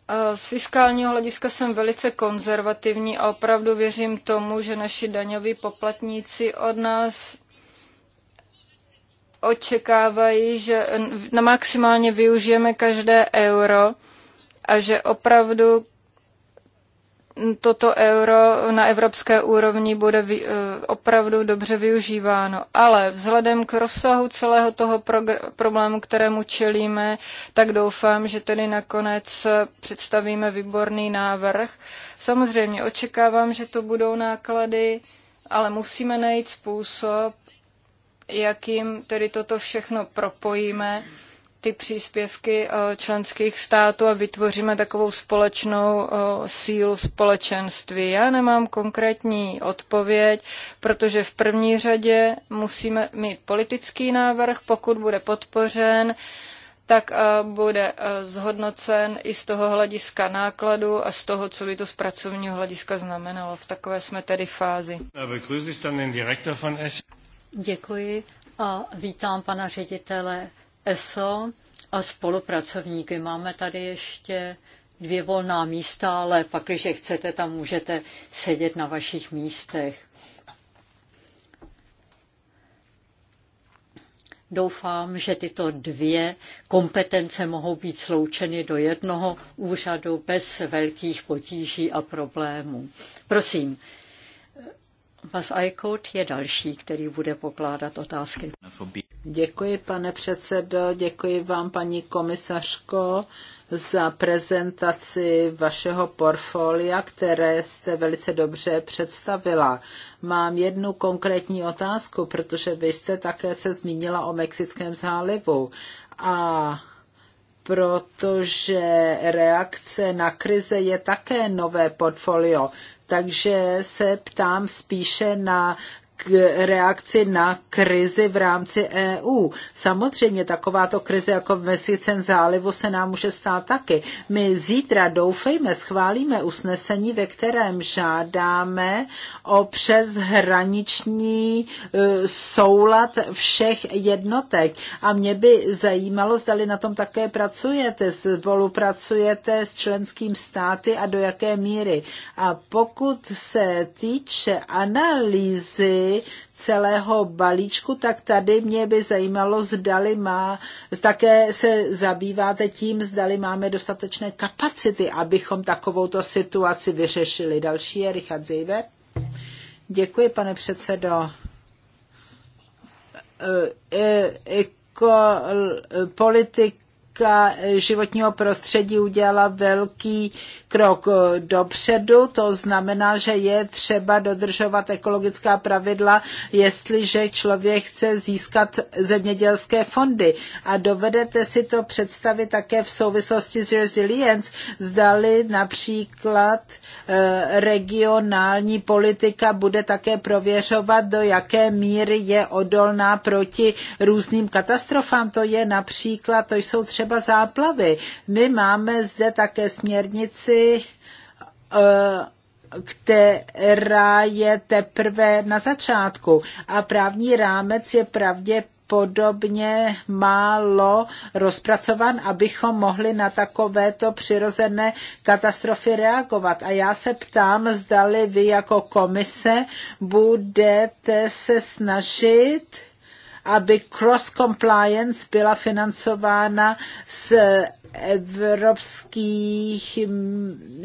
Eh, z fiskálního hlediska jsem velice konzervativní a opravdu věřím tomu, že naši daňoví poplatníci od nás očekávají, že na maximálně využijeme každé euro a že opravdu toto euro na evropské úrovni bude eh, opravdu dobře využíváno. Ale vzhledem k rozsahu celého toho problému, kterému čelíme, tak doufám, že tedy nakonec eh, představíme výborný návrh. Samozřejmě očekávám, že to budou náklady, ale musíme najít způsob, jakým tedy toto všechno propojíme ty příspěvky eh, členských států a vytvoříme takovou společnou eh, sílu společenství. Já nemám konkrétní odpověď, protože v první řadě musíme mít politický návrh, pokud bude podpořen, tak eh, bude zhodnocen i z toho hlediska nákladu a z toho, co by to z pracovního hlediska znamenalo. V takové jsme tedy fázi. Děkuji a vítám pana ředitele ESO a spolupracovníky. Máme tady ještě dvě volná místa, ale pak, když chcete, tam můžete sedět na vašich místech. Doufám, že tyto dvě kompetence mohou být sloučeny do jednoho úřadu bez velkých potíží a problémů. Prosím, Vas iCode je další, který bude pokládat otázky. Děkuji, pane předsedo, děkuji vám, paní komisařko, za prezentaci vašeho portfolia, které jste velice dobře představila. Mám jednu konkrétní otázku, protože vy jste také se zmínila o Mexickém zálivu. A protože reakce na krize je také nové portfolio. Takže se ptám spíše na k reakci na krizi v rámci EU. Samozřejmě takováto krize jako v Mexicen zálivu se nám může stát taky. My zítra doufejme, schválíme usnesení, ve kterém žádáme o přeshraniční e, soulad všech jednotek. A mě by zajímalo, zdali na tom také pracujete, spolupracujete s členským státy a do jaké míry. A pokud se týče analýzy, celého balíčku, tak tady mě by zajímalo, zdali má, také se zabýváte tím, zdali máme dostatečné kapacity, abychom takovouto situaci vyřešili. Další je Richard Zejver. Děkuji, pane předsedo. E, e, e, politik týká životního prostředí, udělala velký krok dopředu. To znamená, že je třeba dodržovat ekologická pravidla, jestliže člověk chce získat zemědělské fondy. A dovedete si to představit také v souvislosti s resilience, zdali například eh, regionální politika bude také prověřovat, do jaké míry je odolná proti různým katastrofám. To je například, to jsou třeba třeba záplavy. My máme zde také směrnici eh, která je teprve na začátku. A právní rámec je pravdě podobně málo rozpracovan, abychom mohli na takovéto přirozené katastrofy reagovat. A já se ptám, zdali vy jako komise budete se snažit aby cross-compliance byla financována z evropských, mm,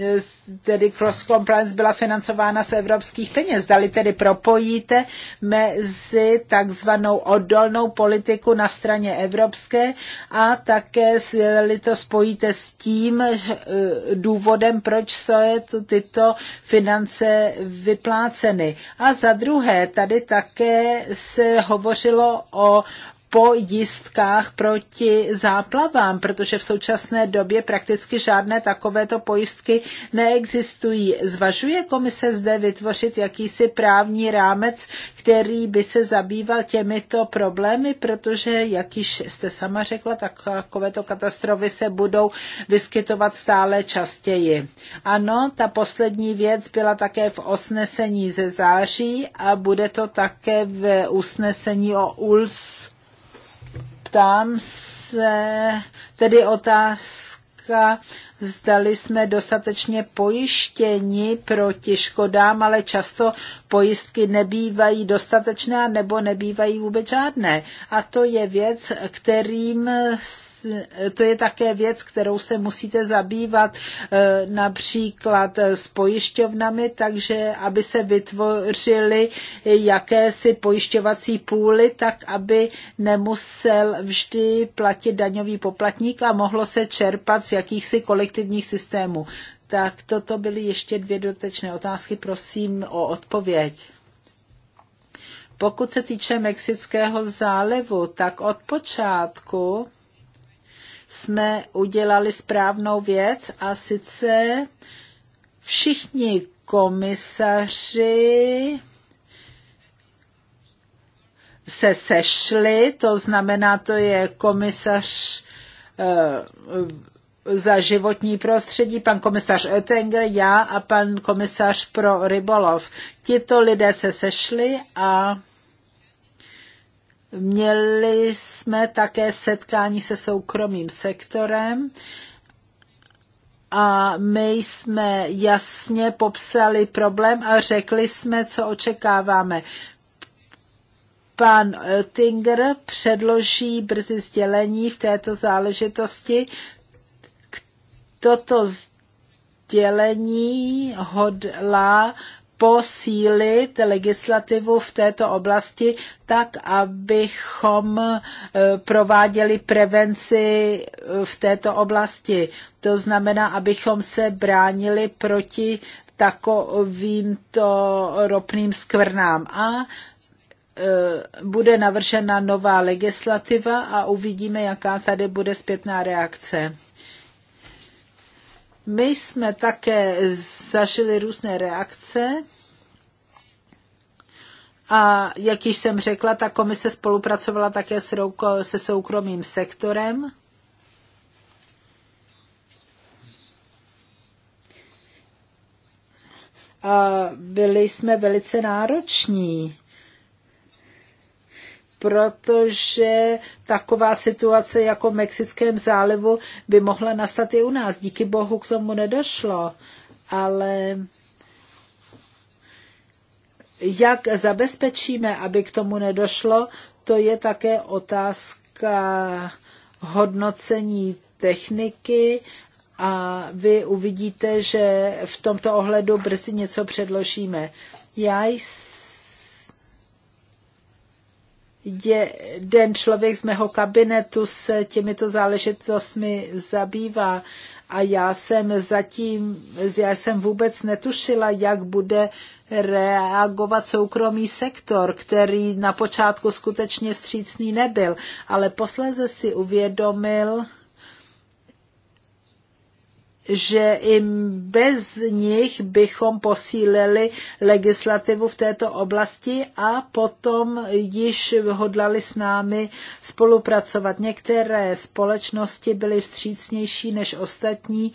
tedy cross compliance byla financována z evropských peněz. Dali tedy propojíte mezi takzvanou odolnou politiku na straně evropské a také si to spojíte s tím e, důvodem, proč jsou tyto finance vypláceny. A za druhé, tady také se hovořilo o pojistkách proti záplavám, protože v současné době prakticky žádné takovéto pojistky neexistují. Zvažuje komise zde vytvořit jakýsi právní rámec, který by se zabýval těmito problémy, protože, jak již jste sama řekla, takovéto katastrofy se budou vyskytovat stále častěji. Ano, ta poslední věc byla také v osnesení ze září a bude to také v usnesení o ULS ptám se tedy otázka, zdali jsme dostatečně pojištěni proti škodám, ale často pojistky nebývají dostatečné nebo nebývají vůbec žádné. A to je věc, kterým Eh, to je také věc, kterou se musíte zabývat eh, například eh, s pojišťovnami, takže aby se vytvořily jakési pojišťovací půly, tak aby nemusel vždy platit daňový poplatník a mohlo se čerpat z jakýchsi kolektivních systémů. Tak toto byly ještě dvě dotečné otázky. Prosím o odpověď. Pokud se týče Mexického zálivu, tak od počátku jsme udělali správnou věc a sice všichni komisaři se sešli, to znamená, to je komisař eh, za životní prostředí, pan komisař Oettinger, já a pan komisař pro rybolov. Tito lidé se sešli a Měli jsme také setkání se soukromým sektorem a my jsme jasně popsali problém a řekli jsme, co očekáváme. Pan eh, Tinger předloží brzy sdělení v této záležitosti. Toto sdělení hodlá posílit legislativu v této oblasti tak, abychom e, prováděli prevenci e, v této oblasti. To znamená, abychom se bránili proti takovýmto ropným skvrnám. A e, bude navržena nová legislativa a uvidíme, jaká tady bude zpětná reakce. My jsme také zažili různé reakce a jak již jsem řekla, ta komise spolupracovala také s se soukromým sektorem. A byli jsme velice nároční protože taková situace jako v Mexickém zálivu by mohla nastat i u nás. Díky bohu k tomu nedošlo, ale jak zabezpečíme, aby k tomu nedošlo, to je také otázka hodnocení techniky a vy uvidíte, že v tomto ohledu brzy něco předložíme. Já jsem jeden člověk z mého kabinetu se těmito záležitostmi zabývá a já jsem zatím, já jsem vůbec netušila, jak bude reagovat soukromý sektor, který na počátku skutečně vstřícný nebyl, ale posléze si uvědomil, že i bez nich bychom posílili legislativu v této oblasti a potom již hodlali s námi spolupracovat. Některé společnosti byly vstřícnější než ostatní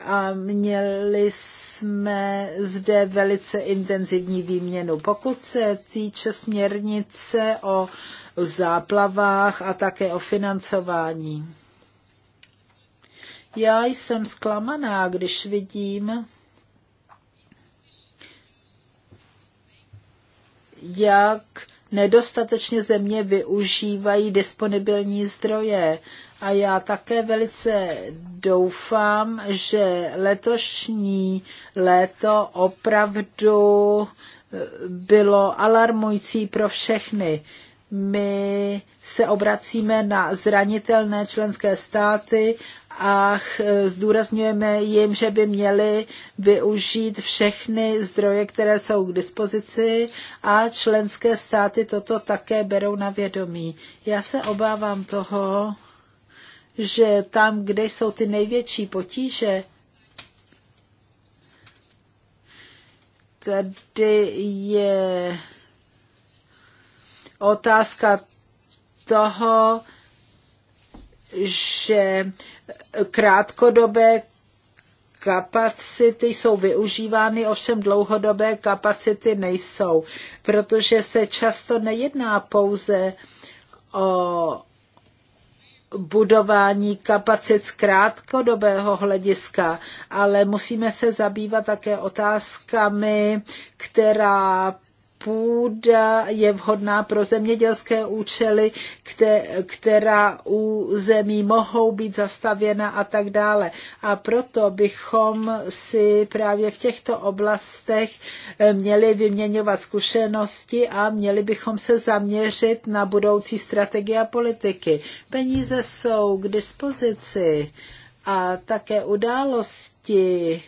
a měli jsme zde velice intenzivní výměnu. Pokud se týče směrnice o záplavách a také o financování. Já jsem zklamaná, když vidím, jak nedostatečně země využívají disponibilní zdroje. A já také velice doufám, že letošní léto opravdu eh, bylo alarmující pro všechny. My se obracíme na zranitelné členské státy a zdůrazňujeme jim, že by měli využít všechny zdroje, které jsou k dispozici a členské státy toto také berou na vědomí. Já se obávám toho, že tam, kde jsou ty největší potíže, tady je otázka toho, že krátkodobé kapacity jsou využívány, ovšem dlouhodobé kapacity nejsou, protože se často nejedná pouze o budování kapacit z krátkodobého hlediska, ale musíme se zabývat také otázkami, která půda je vhodná pro zemědělské účely, která u zemí mohou být zastavěna a tak dále. A proto bychom si právě v těchto oblastech eh, měli vyměňovat zkušenosti a měli bychom se zaměřit na budoucí strategie a politiky. Peníze jsou k dispozici a také události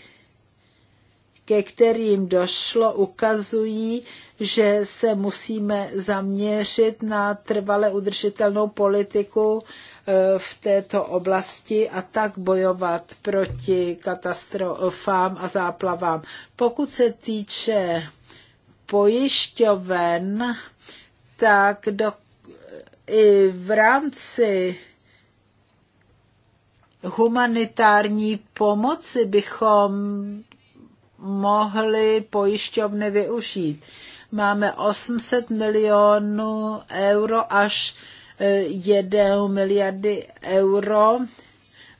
ke kterým došlo, ukazují, že se musíme zaměřit na trvale udržitelnou politiku e, v této oblasti a tak bojovat proti katastrofám a záplavám. Pokud se týče pojišťoven, tak do, i v rámci humanitární pomoci bychom mohly pojišťovny využít. Máme 800 milionů euro až 1 e, miliardy euro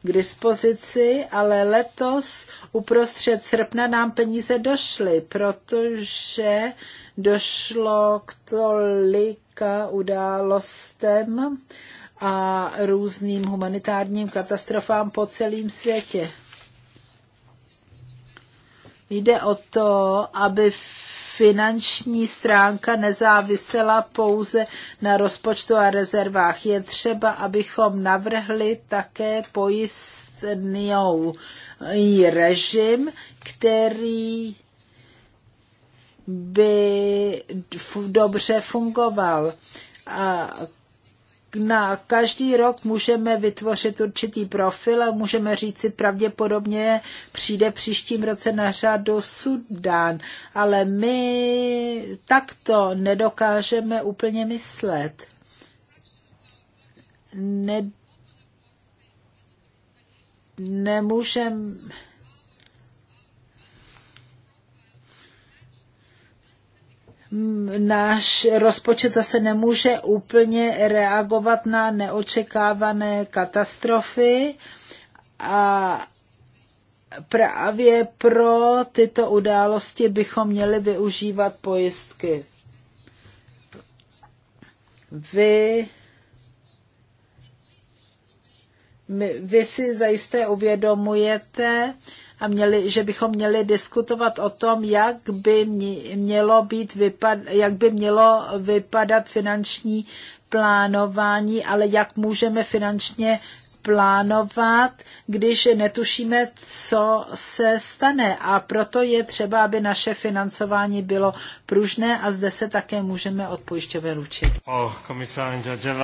k dispozici, ale letos uprostřed srpna nám peníze došly, protože došlo k tolika událostem a různým humanitárním katastrofám po celém světě. Jde o to, aby finanční stránka nezávisela pouze na rozpočtu a rezervách. Je třeba, abychom navrhli také pojistnou režim, který by dobře fungoval. A na každý rok můžeme vytvořit určitý profil a můžeme si pravděpodobně přijde příštím roce na řadu Sudán, ale my takto nedokážeme úplně myslet. Ne, nemůžeme Mm, náš rozpočet zase nemůže úplně reagovat na neočekávané katastrofy a právě pro tyto události bychom měli využívat pojistky. Vy, vy si zajisté uvědomujete, a měli, že bychom měli diskutovat o tom, jak by, mělo být vypad, jak by mělo vypadat finanční plánování, ale jak můžeme finančně plánovat, když netušíme, co se stane. A proto je třeba, aby naše financování bylo pružné a zde se také můžeme od pojišťoven učit.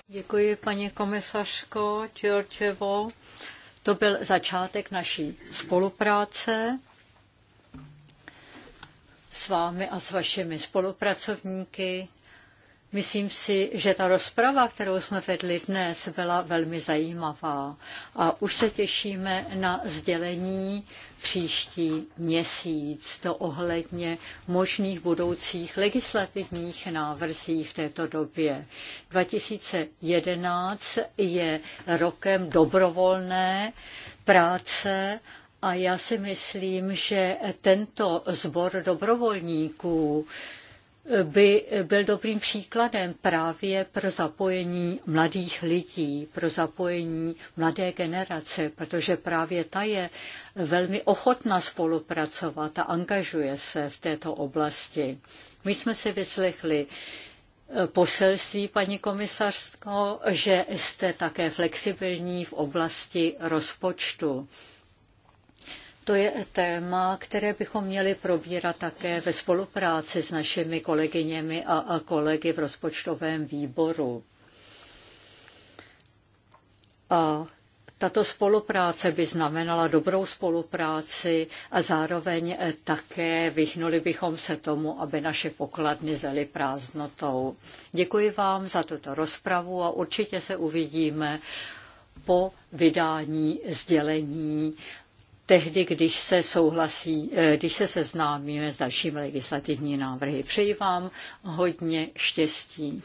Děkuji, paní komisařko Čorčevo. To byl začátek naší spolupráce s vámi a s vašimi spolupracovníky Myslím si, že ta rozprava, kterou jsme vedli dnes, byla velmi zajímavá a už se těšíme na sdělení příští měsíc to ohledně možných budoucích legislativních návrzí v této době. 2011 je rokem dobrovolné práce a já si myslím, že tento sbor dobrovolníků by byl dobrým příkladem právě pro zapojení mladých lidí, pro zapojení mladé generace, protože právě ta je velmi ochotná spolupracovat a angažuje se v této oblasti. My jsme si vyslechli eh, poselství, paní komisařsko, že jste také flexibilní v oblasti rozpočtu. To je téma, které bychom měli probírat také ve spolupráci s našimi kolegyněmi a kolegy v rozpočtovém výboru. A tato spolupráce by znamenala dobrou spolupráci a zároveň také vyhnuli bychom se tomu, aby naše pokladny zely prázdnotou. Děkuji vám za tuto rozpravu a určitě se uvidíme po vydání sdělení tehdy, když se souhlasí, eh, když se seznámíme s dalšími legislativní návrhy. Přeji vám hodně štěstí.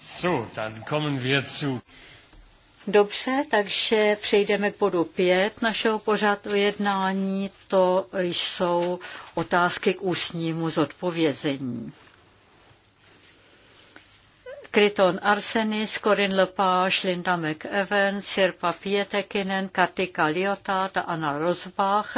So, dann kommen wir zu Dobře, takže přejdeme k bodu 5 našeho pořadu jednání. To jsou otázky k ústnímu zodpovězení. Kryton Arsenis, Corinne Lepage, Linda McEwen, Sirpa Pietekinen, Katika Liotard a Anna Rozbach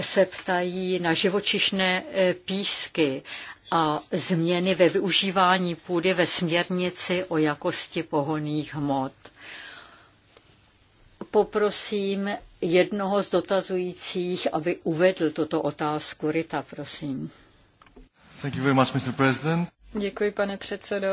se ptají na živočišné e, písky a změny ve využívání půdy ve směrnici o jakosti pohoných hmot poprosím jednoho z dotazujících, aby uvedl tuto otázku. Rita, prosím. Thank you very much, Mr. President. Děkuji, pane předsedo.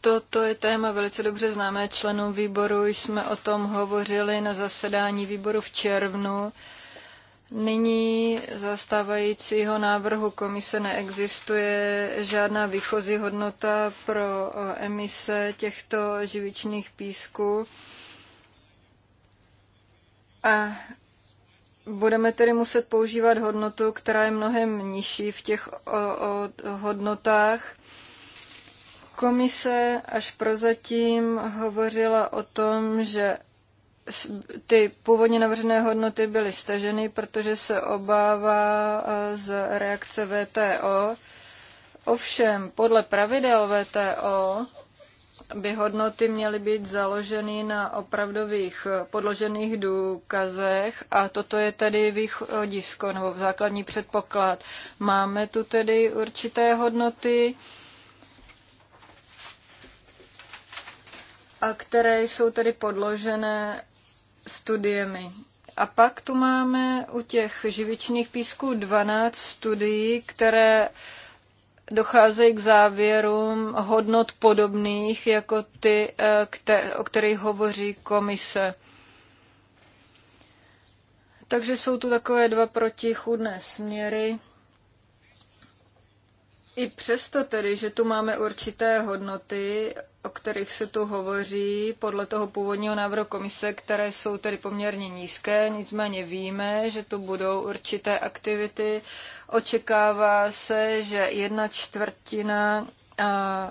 Toto je téma velice dobře známé členům výboru. Jsme o tom hovořili na zasedání výboru v červnu. Nyní stávajícího návrhu komise neexistuje žádná výchozí hodnota pro eh, emise těchto živičných písků. A budeme tedy muset používat hodnotu, která je mnohem nižší v těch o, o, hodnotách. Komise až prozatím hovořila o tom, že ty původně navržené hodnoty byly staženy, protože se obává e, z reakce VTO. Ovšem, podle pravidel VTO by hodnoty měly být založeny na opravdových podložených důkazech a toto je tedy východisko nebo základní předpoklad. Máme tu tedy určité hodnoty, a které jsou tedy podložené studiemi. A pak tu máme u těch živičných písků 12 studií, které docházejí k závěrům hodnot podobných jako ty, eh, o kterých hovoří komise. Takže jsou tu takové dva protichůdné směry. I přesto tedy, že tu máme určité hodnoty, o kterých se tu hovoří podle toho původního návrhu komise, které jsou tedy poměrně nízké, nicméně víme, že tu budou určité aktivity. Očekává se, že jedna čtvrtina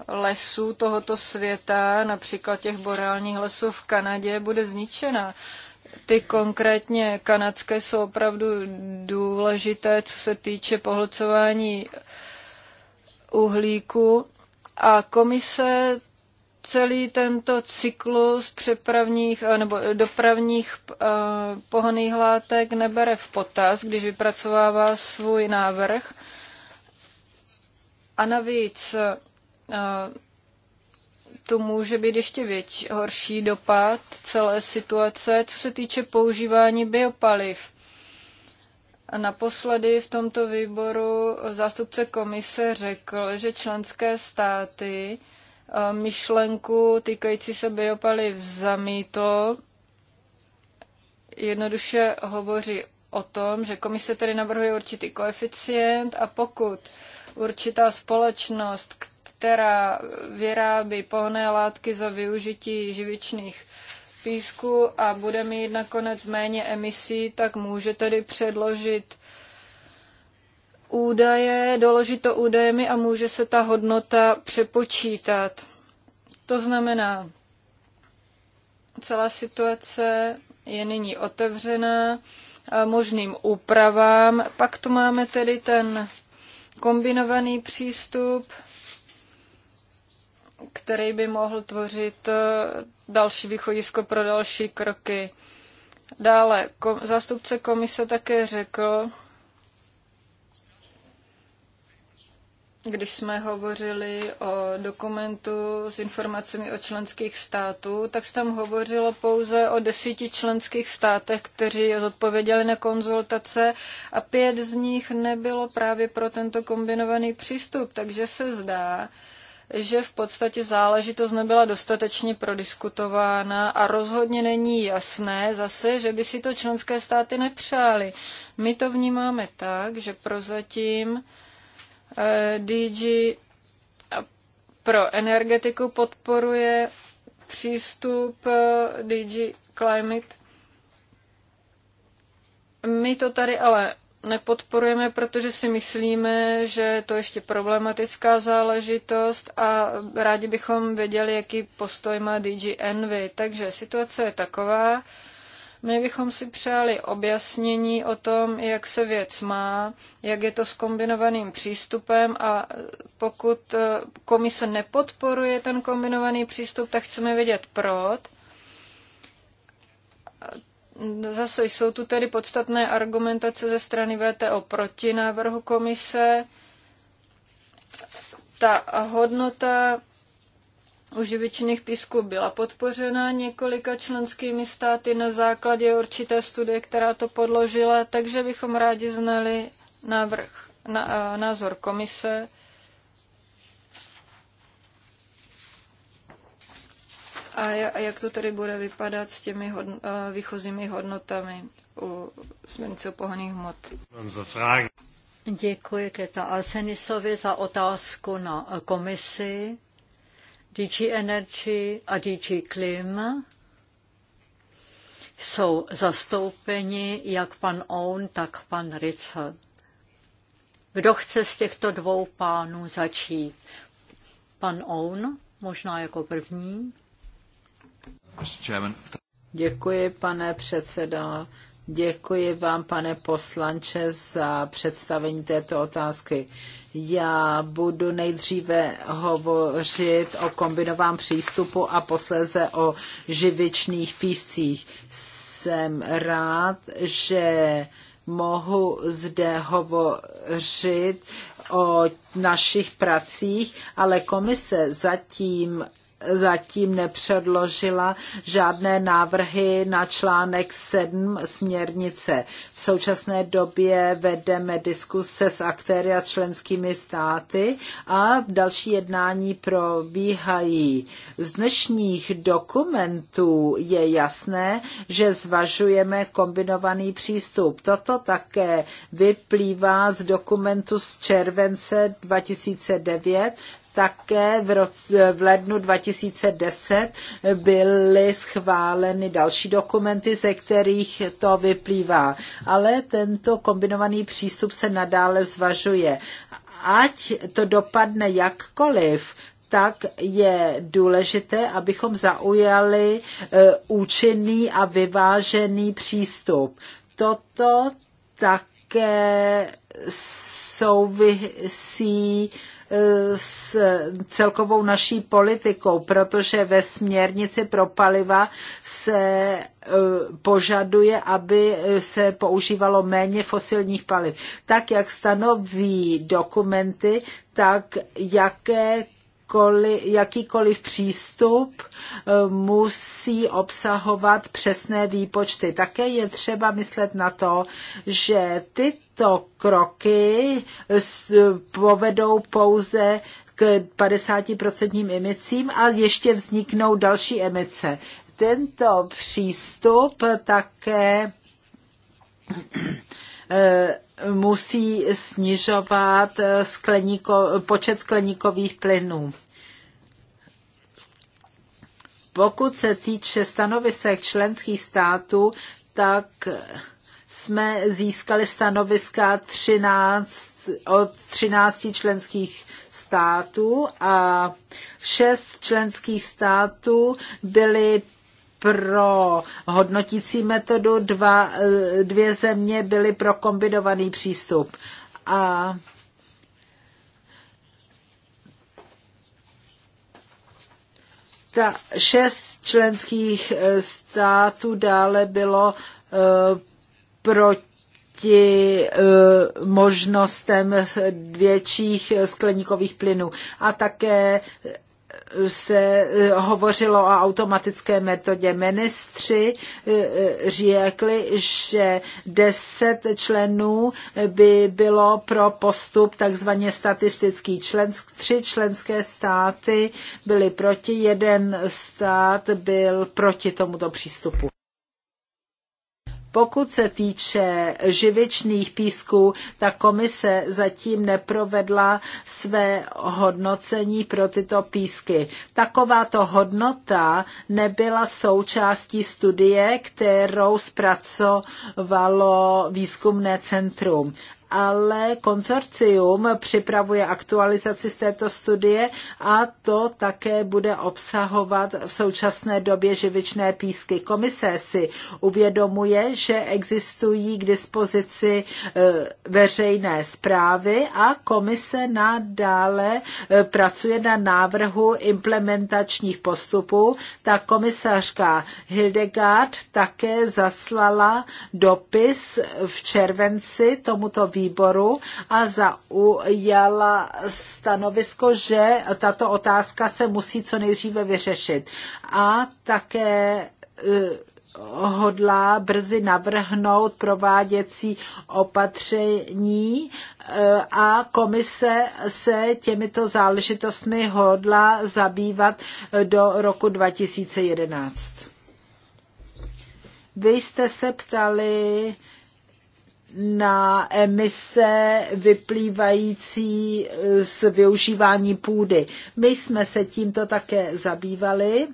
lesů tohoto světa, například těch boreálních lesů v Kanadě, bude zničena. Ty konkrétně kanadské jsou opravdu důležité, co se týče pohlcování uhlíku a komise celý tento cyklus přepravních eh, nebo dopravních eh, pohoných látek nebere v potaz, když vypracovává svůj návrh. A navíc eh, tu může být ještě větší, horší dopad celé situace, co se týče používání biopaliv. Naposledy v tomto výboru zástupce komise řekl, že členské státy eh, myšlenku týkající se biopaliv zamítlo. Jednoduše hovoří o tom, že komise tedy navrhuje určitý koeficient a pokud určitá společnost, která vyrábí pohonné látky za využití živičných písku a bude mít nakonec méně emisí, tak může tedy předložit údaje, doložit to údajemi a může se ta hodnota přepočítat. To znamená, celá situace je nyní otevřená možným úpravám. Pak tu máme tedy ten kombinovaný přístup, který by mohl tvořit eh, další východisko pro další kroky. Dále kom, zástupce komise také řekl, když jsme hovořili o dokumentu s informacemi o členských států, tak se tam hovořilo pouze o desíti členských státech, kteří zodpověděli na konzultace a pět z nich nebylo právě pro tento kombinovaný přístup. Takže se zdá, že v podstatě záležitost nebyla dostatečně prodiskutována a rozhodně není jasné zase, že by si to členské státy nepřáli. My to vnímáme tak, že prozatím eh, DG pro energetiku podporuje přístup eh, DG Climate. My to tady ale nepodporujeme, protože si myslíme, že je to ještě problematická záležitost a rádi bychom věděli, jaký postoj má DG Envy. Takže situace je taková, my bychom si přáli objasnění o tom, jak se věc má, jak je to s kombinovaným přístupem a pokud eh, komise nepodporuje ten kombinovaný přístup, tak chceme vědět proč Zase jsou tu tedy podstatné argumentace ze strany VTO proti návrhu komise. Ta hodnota uživičných písků byla podpořena několika členskými státy na základě určité studie, která to podložila, takže bychom rádi znali návrh, na, názor komise A jak to tedy bude vypadat s těmi hodn- eh, výchozími hodnotami u směrnice o pohoných hmot? Děkuji Keta Alsenisovi za otázku na komisi. DG Energy a DG Klim jsou zastoupeni jak pan Owen, tak pan Ritzel. Kdo chce z těchto dvou pánů začít? Pan Owen, možná jako první. Děkuji, pane předsedo. Děkuji vám, pane poslanče, za představení této otázky. Já budu nejdříve hovořit o kombinovaném přístupu a posléze o živičných píscích. Jsem rád, že mohu zde hovořit o našich pracích, ale komise zatím zatím nepředložila žádné návrhy na článek 7 směrnice. V současné době vedeme diskuse s aktéry a členskými státy a další jednání probíhají. Z dnešních dokumentů je jasné, že zvažujeme kombinovaný přístup. Toto také vyplývá z dokumentu z července 2009, také v, roce, v lednu 2010 byly schváleny další dokumenty, ze kterých to vyplývá. Ale tento kombinovaný přístup se nadále zvažuje. Ať to dopadne jakkoliv, tak je důležité, abychom zaujali eh, účinný a vyvážený přístup. Toto také souvisí souvisí s celkovou naší politikou, protože ve směrnici pro paliva se e, požaduje, aby se používalo méně fosilních paliv. Tak, jak stanoví dokumenty, tak jaké jakýkoliv přístup e, musí obsahovat přesné výpočty. Také je třeba myslet na to, že tyto tyto kroky povedou pouze k 50% emicím a ještě vzniknou další emice. Tento přístup také eh, musí snižovat skleníko, počet skleníkových plynů. Pokud se týče stanovisek členských států, tak jsme získali stanoviska 13, od 13 členských států a 6 členských států byly pro hodnotící metodu, dva, dvě země byly pro kombinovaný přístup. A ta šest členských států dále bylo eh, proti e, možnostem větších skleníkových plynů. A také se e, hovořilo o automatické metodě. Ministři e, řekli, že deset členů by bylo pro postup takzvaně statistický. Člensk, tři členské státy byly proti, jeden stát byl proti tomuto přístupu. Pokud se týče živičných písků, ta komise zatím neprovedla své hodnocení pro tyto písky. Takováto hodnota nebyla součástí studie, kterou zpracovalo výzkumné centrum ale konzorcium připravuje aktualizaci z této studie a to také bude obsahovat v současné době živičné písky. Komise si uvědomuje, že existují k dispozici e, veřejné zprávy a komise nadále e, pracuje na návrhu implementačních postupů. Ta komisařka Hildegard také zaslala dopis v červenci tomuto výboru výboru a zaujala stanovisko, že tato otázka se musí co nejdříve vyřešit. A také eh, hodlá brzy navrhnout prováděcí opatření eh, a komise se těmito záležitostmi hodlá zabývat eh, do roku 2011. Vy jste se ptali na emise vyplývající z využívání půdy. My jsme se tímto také zabývali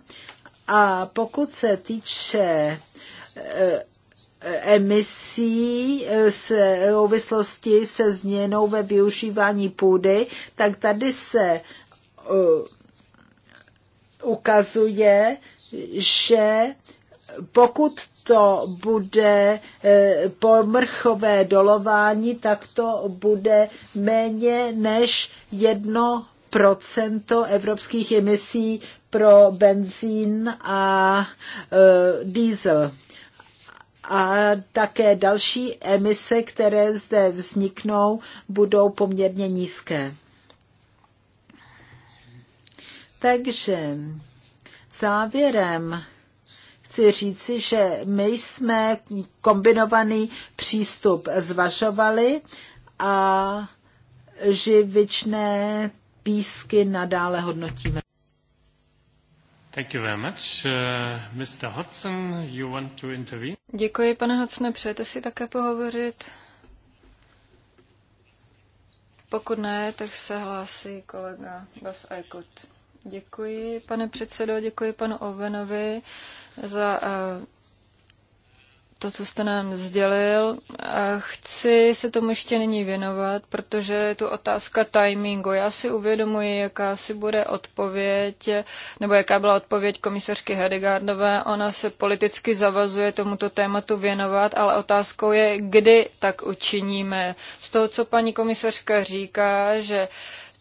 a pokud se týče eh, eh, emisí s eh, souvislosti se změnou ve využívání půdy, tak tady se ukazuje, že pokud to bude eh, pomrchové dolování, tak to bude méně než jedno procento evropských emisí pro benzín a e, diesel. A také další emise, které zde vzniknou, budou poměrně nízké. Takže závěrem chci říci, že my jsme kombinovaný přístup zvažovali a živičné písky nadále hodnotíme. Thank you very much. Uh, Mr. Hudson, you want to intervene? Děkuji, pane Hudson, přejete si také pohovořit? Pokud ne, tak se hlásí kolega Bas Aykut. Děkuji, pane předsedo, děkuji panu Ovenovi za eh, to, co jste nám sdělil. Chci se tomu ještě nyní věnovat, protože je tu otázka timingu. Já si uvědomuji, jaká si bude odpověď, nebo jaká byla odpověď komisařky Hedegardové. Ona se politicky zavazuje tomuto tématu věnovat, ale otázkou je, kdy tak učiníme. Z toho, co paní komisařka říká, že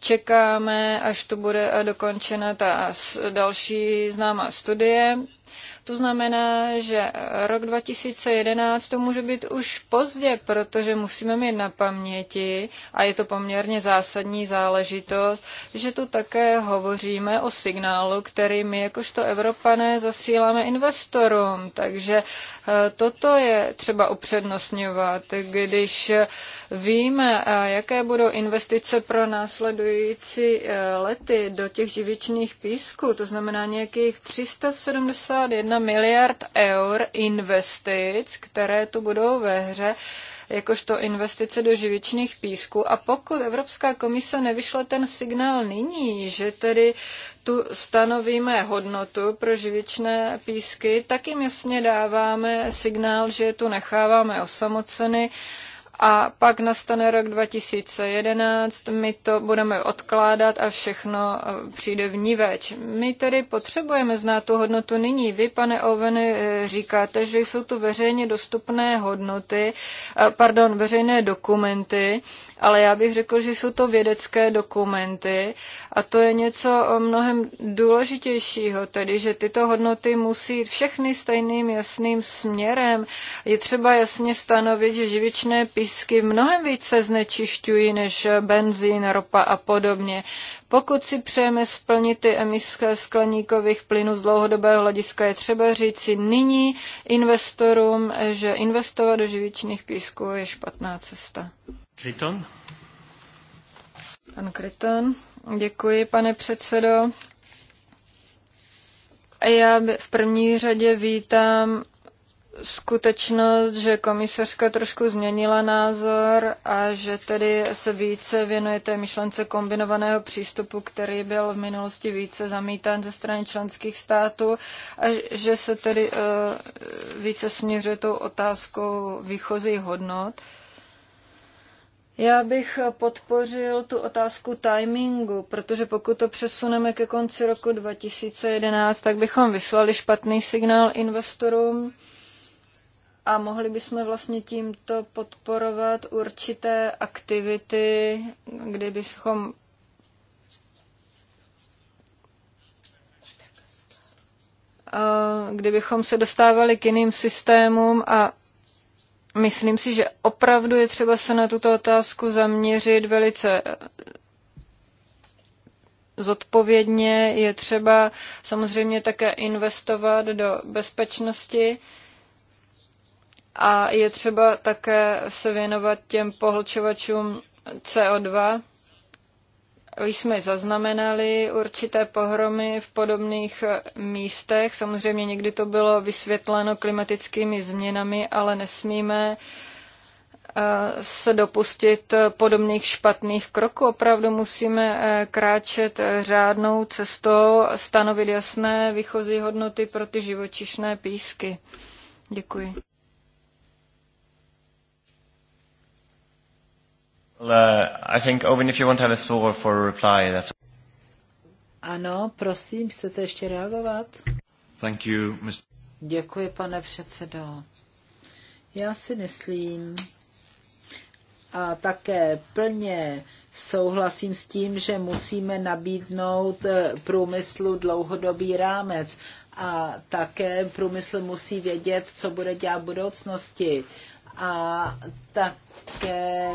Čekáme, až to bude dokončena ta další známá studie to znamená, že rok 2011 to může být už pozdě, protože musíme mít na paměti, a je to poměrně zásadní záležitost, že tu také hovoříme o signálu, který my jakožto Evropané zasíláme investorům. Takže eh, toto je třeba upřednostňovat, když eh, víme, eh, jaké budou investice pro následující lety do těch živičných písků, to znamená nějakých 371 1 miliard eur investic, které tu budou ve hře, jakožto investice do živičných písků. A pokud Evropská komise nevyšle ten signál nyní, že tedy tu stanovíme hodnotu pro živičné písky, tak jim jasně dáváme signál, že je tu necháváme osamoceny a pak nastane rok 2011, my to budeme odkládat a všechno e, přijde v ní več. My tedy potřebujeme znát tu hodnotu nyní. Vy, pane Oveny, e, říkáte, že jsou tu veřejně dostupné hodnoty, e, pardon, veřejné dokumenty, ale já bych řekl, že jsou to vědecké dokumenty a to je něco eh, mnohem důležitějšího, tedy že tyto hodnoty musí jít všechny stejným jasným směrem. Je třeba jasně stanovit, že živičné písky mnohem více znečišťují než eh, benzín, ropa a podobně. Pokud si přejeme splnit ty emise skleníkových plynů z dlouhodobého hlediska, je třeba říci nyní investorům, eh, že investovat do živičných písků je špatná cesta. Kryton. Pan Kryton. Děkuji, pane předsedo. Já v první řadě vítám skutečnost, že komisařka trošku změnila názor a že tedy se více věnuje té myšlence kombinovaného přístupu, který byl v minulosti více zamítán ze strany členských států a že se tedy eh, více směřuje tou otázkou výchozích hodnot. Uh, já bych podpořil tu otázku timingu, protože pokud to přesuneme ke konci roku 2011, tak bychom vyslali špatný signál investorům a mohli bychom vlastně tímto podporovat určité aktivity, kdybychom kdybychom se dostávali k jiným systémům a Myslím si, že opravdu je třeba se na tuto otázku zaměřit velice eh, zodpovědně. Je třeba samozřejmě také investovat do bezpečnosti a je třeba také se věnovat těm pohlčovačům CO2, jsme zaznamenali určité pohromy v podobných místech. Samozřejmě někdy to bylo vysvětleno klimatickými změnami, ale nesmíme eh, se dopustit podobných špatných kroků. Opravdu musíme eh, kráčet řádnou cestou, stanovit jasné výchozí hodnoty pro ty živočišné písky. Děkuji. Ano, prosím, chcete ještě reagovat? Thank you, Mr. Děkuji, pane předsedo. Já si myslím a také plně souhlasím s tím, že musíme nabídnout eh, průmyslu dlouhodobý rámec a také průmysl musí vědět, co bude dělat v budoucnosti. A také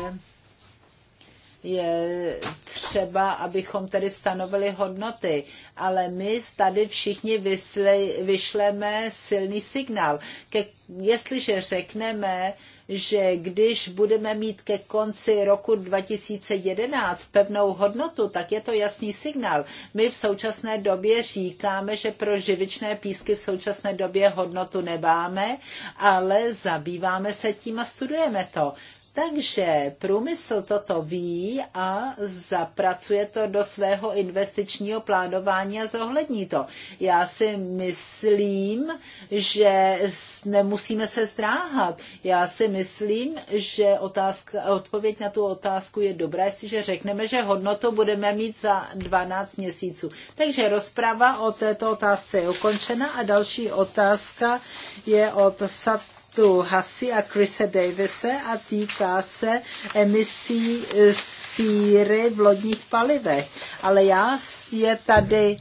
je třeba, abychom tedy stanovili hodnoty, ale my tady všichni vysle, vyšleme silný signál. Ke, jestliže řekneme, že když budeme mít ke konci roku 2011 pevnou hodnotu, tak je to jasný signál. My v současné době říkáme, že pro živičné písky v současné době hodnotu nemáme, ale zabýváme se tím a studujeme to. Takže průmysl toto ví a zapracuje to do svého investičního plánování a zohlední to. Já si myslím, že nemusíme se zdráhat. Já si myslím, že otázka, odpověď na tu otázku je dobrá, jestliže řekneme, že hodnotu budeme mít za 12 měsíců. Takže rozprava o této otázce je ukončena a další otázka je od Sat tu Hasi a Chrise Davise a týká se emisí eh, síry v lodních palivech. Ale já je tady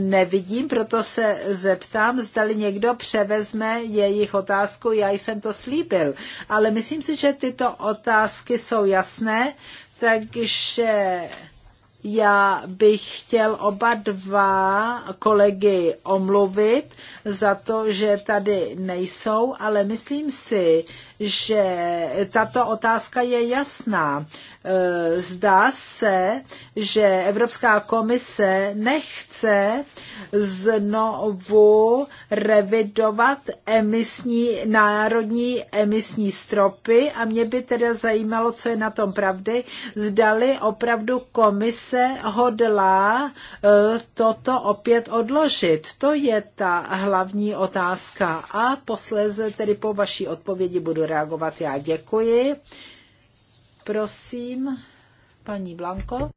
nevidím, proto se zeptám, zdali někdo převezme jejich otázku, já jsem to slíbil. Ale myslím si, že tyto otázky jsou jasné, takže já bych chtěl oba dva kolegy omluvit za to, že tady nejsou, ale myslím si, že tato otázka je jasná. E, zdá se, že Evropská komise nechce znovu revidovat emisní, národní emisní stropy a mě by teda zajímalo, co je na tom pravdy, zdali opravdu komise hodlá e, toto opět odložit. To je ta hlavní otázka a posléze tedy po vaší odpovědi budu rád reagovat já. Děkuji. Prosím, paní Blanko.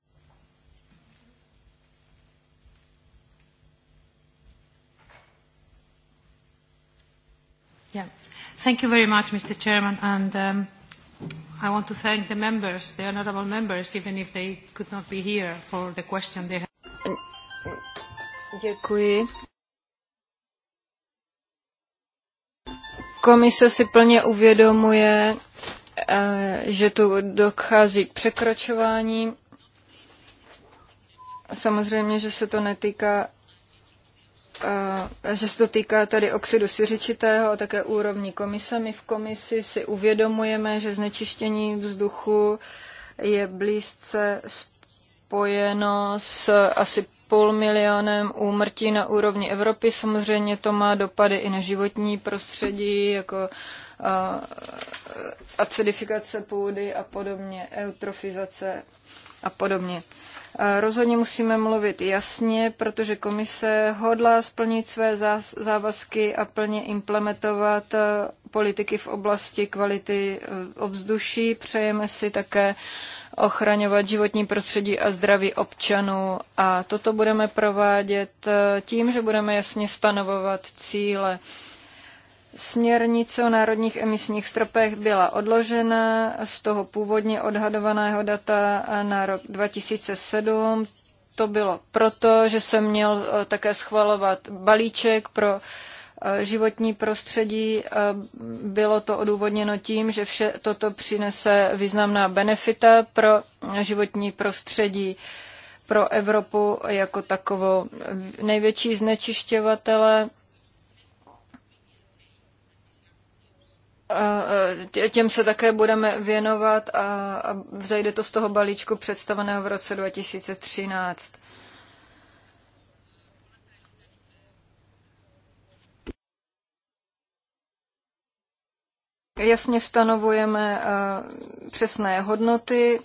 Yeah. Thank you very much, Mr. Chairman, and um, I want to thank the members, the honourable members, even if they could not be here for the question they had. Děkuji. Komise si plně uvědomuje, eh, že tu dochází k překračování. Samozřejmě, že se to netýká eh, že se to týká tady oxidu siřičitého a také úrovní komise. My v komisi si uvědomujeme, že znečištění vzduchu je blízce spojeno s asi půl milionem úmrtí na úrovni Evropy. Samozřejmě to má dopady i na životní prostředí, jako acidifikace půdy a podobně, eutrofizace a podobně. Eh, rozhodně musíme mluvit jasně, protože komise hodlá splnit své závazky a plně implementovat eh, politiky v oblasti kvality eh, ovzduší. Přejeme si také ochraňovat životní prostředí a zdraví občanů a toto budeme provádět tím, že budeme jasně stanovovat cíle. Směrnice o národních emisních stropech byla odložena z toho původně odhadovaného data na rok 2007. To bylo proto, že se měl eh, také schvalovat balíček pro eh, životní prostředí. Eh, bylo to odůvodněno tím, že vše toto přinese významná benefita pro životní prostředí pro Evropu jako takovou. Největší znečišťovatele Těm se také budeme věnovat a vzejde to z toho balíčku představeného v roce 2013. Jasně stanovujeme přesné hodnoty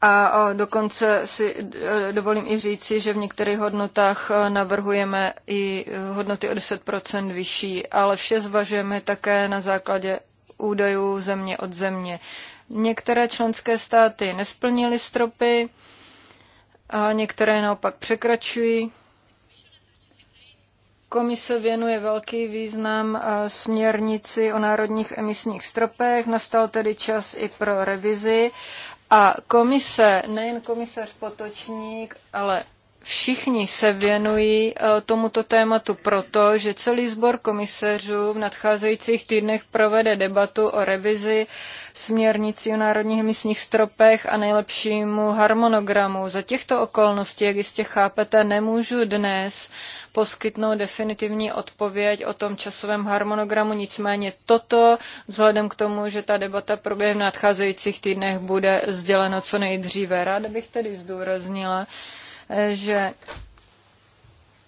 a dokonce si e, dovolím i říci, že v některých hodnotách e, navrhujeme i e, hodnoty o 10 vyšší, ale vše zvažujeme také na základě údajů země od země. Některé členské státy nesplnily stropy, a některé naopak překračují. Komise věnuje velký význam směrnici o národních emisních stropech. Nastal tedy čas i pro revizi a komise, nejen komisař Potočník, ale všichni se věnují eh, tomuto tématu proto, že celý sbor komisařů v nadcházejících týdnech provede debatu o revizi směrnicí o národních emisních stropech a nejlepšímu harmonogramu. Za těchto okolností, jak jistě chápete, nemůžu dnes poskytnout definitivní odpověď o tom časovém harmonogramu, nicméně toto, vzhledem k tomu, že ta debata proběhne v nadcházejících týdnech, bude sděleno co nejdříve. Ráda bych tedy zdůraznila, eh, že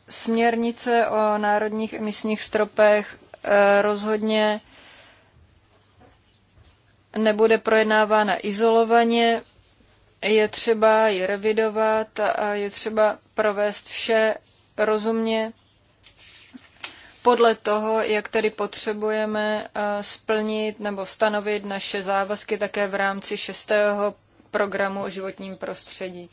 směrnice o národních emisních stropech eh, rozhodně nebude projednávána izolovaně, je třeba ji revidovat a je třeba provést vše rozumně podle toho, jak tedy potřebujeme eh, splnit nebo stanovit naše závazky také v rámci šestého programu o životním prostředí.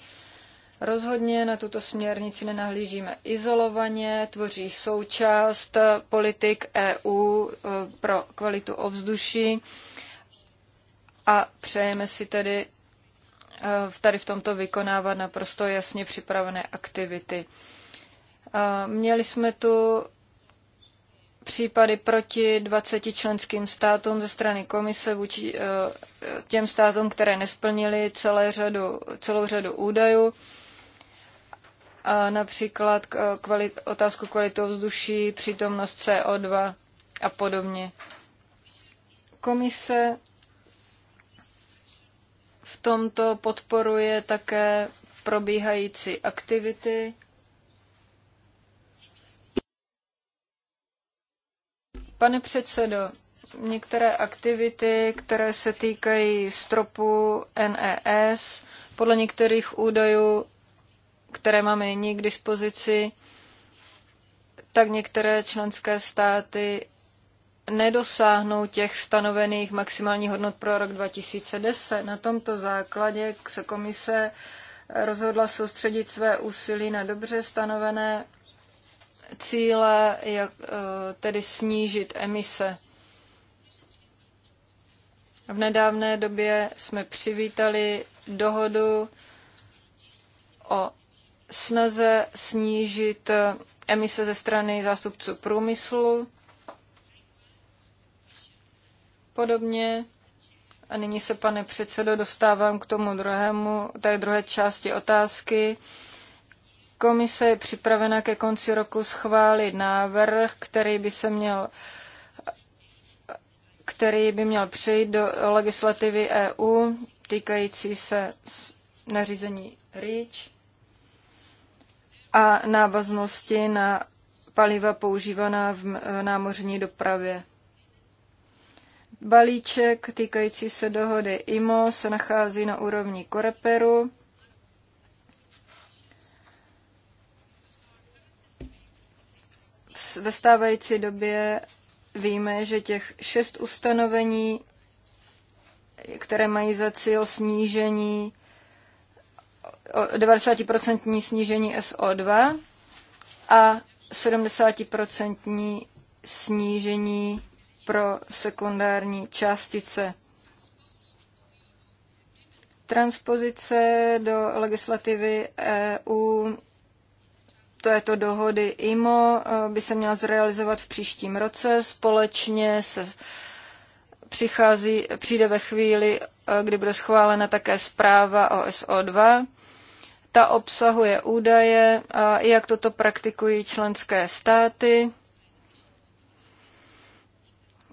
Rozhodně na tuto směrnici nenahlížíme izolovaně, tvoří součást eh, politik EU eh, pro kvalitu ovzduší a přejeme si tedy tady v tomto vykonávat naprosto jasně připravené aktivity. Měli jsme tu případy proti 20 členským státům ze strany komise vůči eh, těm státům, které nesplnily celé řadu, celou řadu údajů. A například eh, kvalit, otázku kvalitu ovzduší, přítomnost CO2 a podobně. Komise v tomto podporuje také probíhající aktivity Pane předsedo, některé aktivity, které se týkají stropu NES, podle některých údajů, které máme nyní k dispozici, tak některé členské státy nedosáhnou těch stanovených maximálních hodnot pro rok 2010. Na tomto základě se komise rozhodla soustředit své úsilí na dobře stanovené cíle, jak eh, tedy snížit emise. V nedávné době jsme přivítali dohodu o snaze snížit emise ze strany zástupců průmyslu. Podobně. A nyní se, pane předsedo, dostávám k tomu druhému, té druhé části otázky Komise je připravena ke konci roku schválit návrh, který by se měl který by měl přejít do legislativy EU týkající se nařízení REACH a návaznosti na paliva používaná v námořní dopravě. Balíček týkající se dohody IMO se nachází na úrovni Koreperu ve stávající době víme, že těch šest ustanovení, které mají za cíl snížení 90% snížení SO2 a 70% snížení pro sekundární částice. Transpozice do legislativy EU této dohody IMO eh, by se měla zrealizovat v příštím roce. Společně se přichází, přijde ve chvíli, eh, kdy bude schválena také zpráva o SO2. Ta obsahuje údaje, jak toto praktikují členské státy.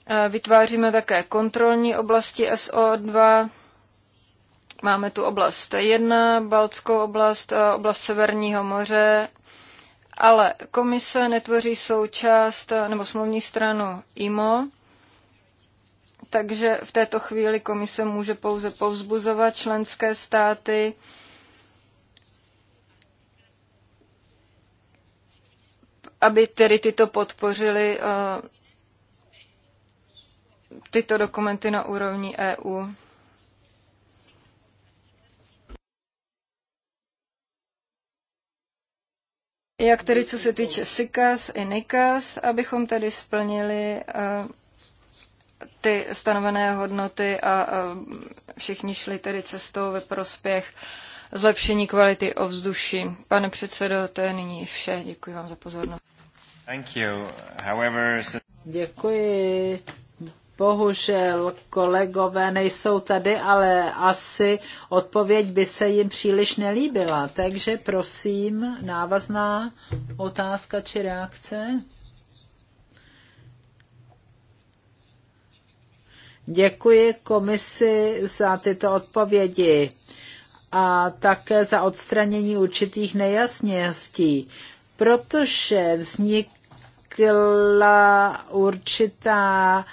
Eh, vytváříme také kontrolní oblasti SO2. Máme tu oblast 1, Baltskou oblast, oblast Severního moře ale komise netvoří součást eh, nebo smluvní stranu IMO, takže v této chvíli komise může pouze povzbuzovat členské státy aby tedy tyto podpořili eh, tyto dokumenty na úrovni EU. jak tedy co se týče SIKAS i NIKAS, abychom tedy splnili eh, ty stanovené hodnoty a eh, všichni šli tedy cestou ve prospěch zlepšení kvality ovzduší. Pane předsedo, to je nyní vše. Děkuji vám za pozornost. Thank you. However... Děkuji. Bohužel kolegové nejsou tady, ale asi odpověď by se jim příliš nelíbila. Takže prosím, návazná otázka či reakce. Děkuji komisi za tyto odpovědi a také za odstranění určitých nejasností, protože vznikla určitá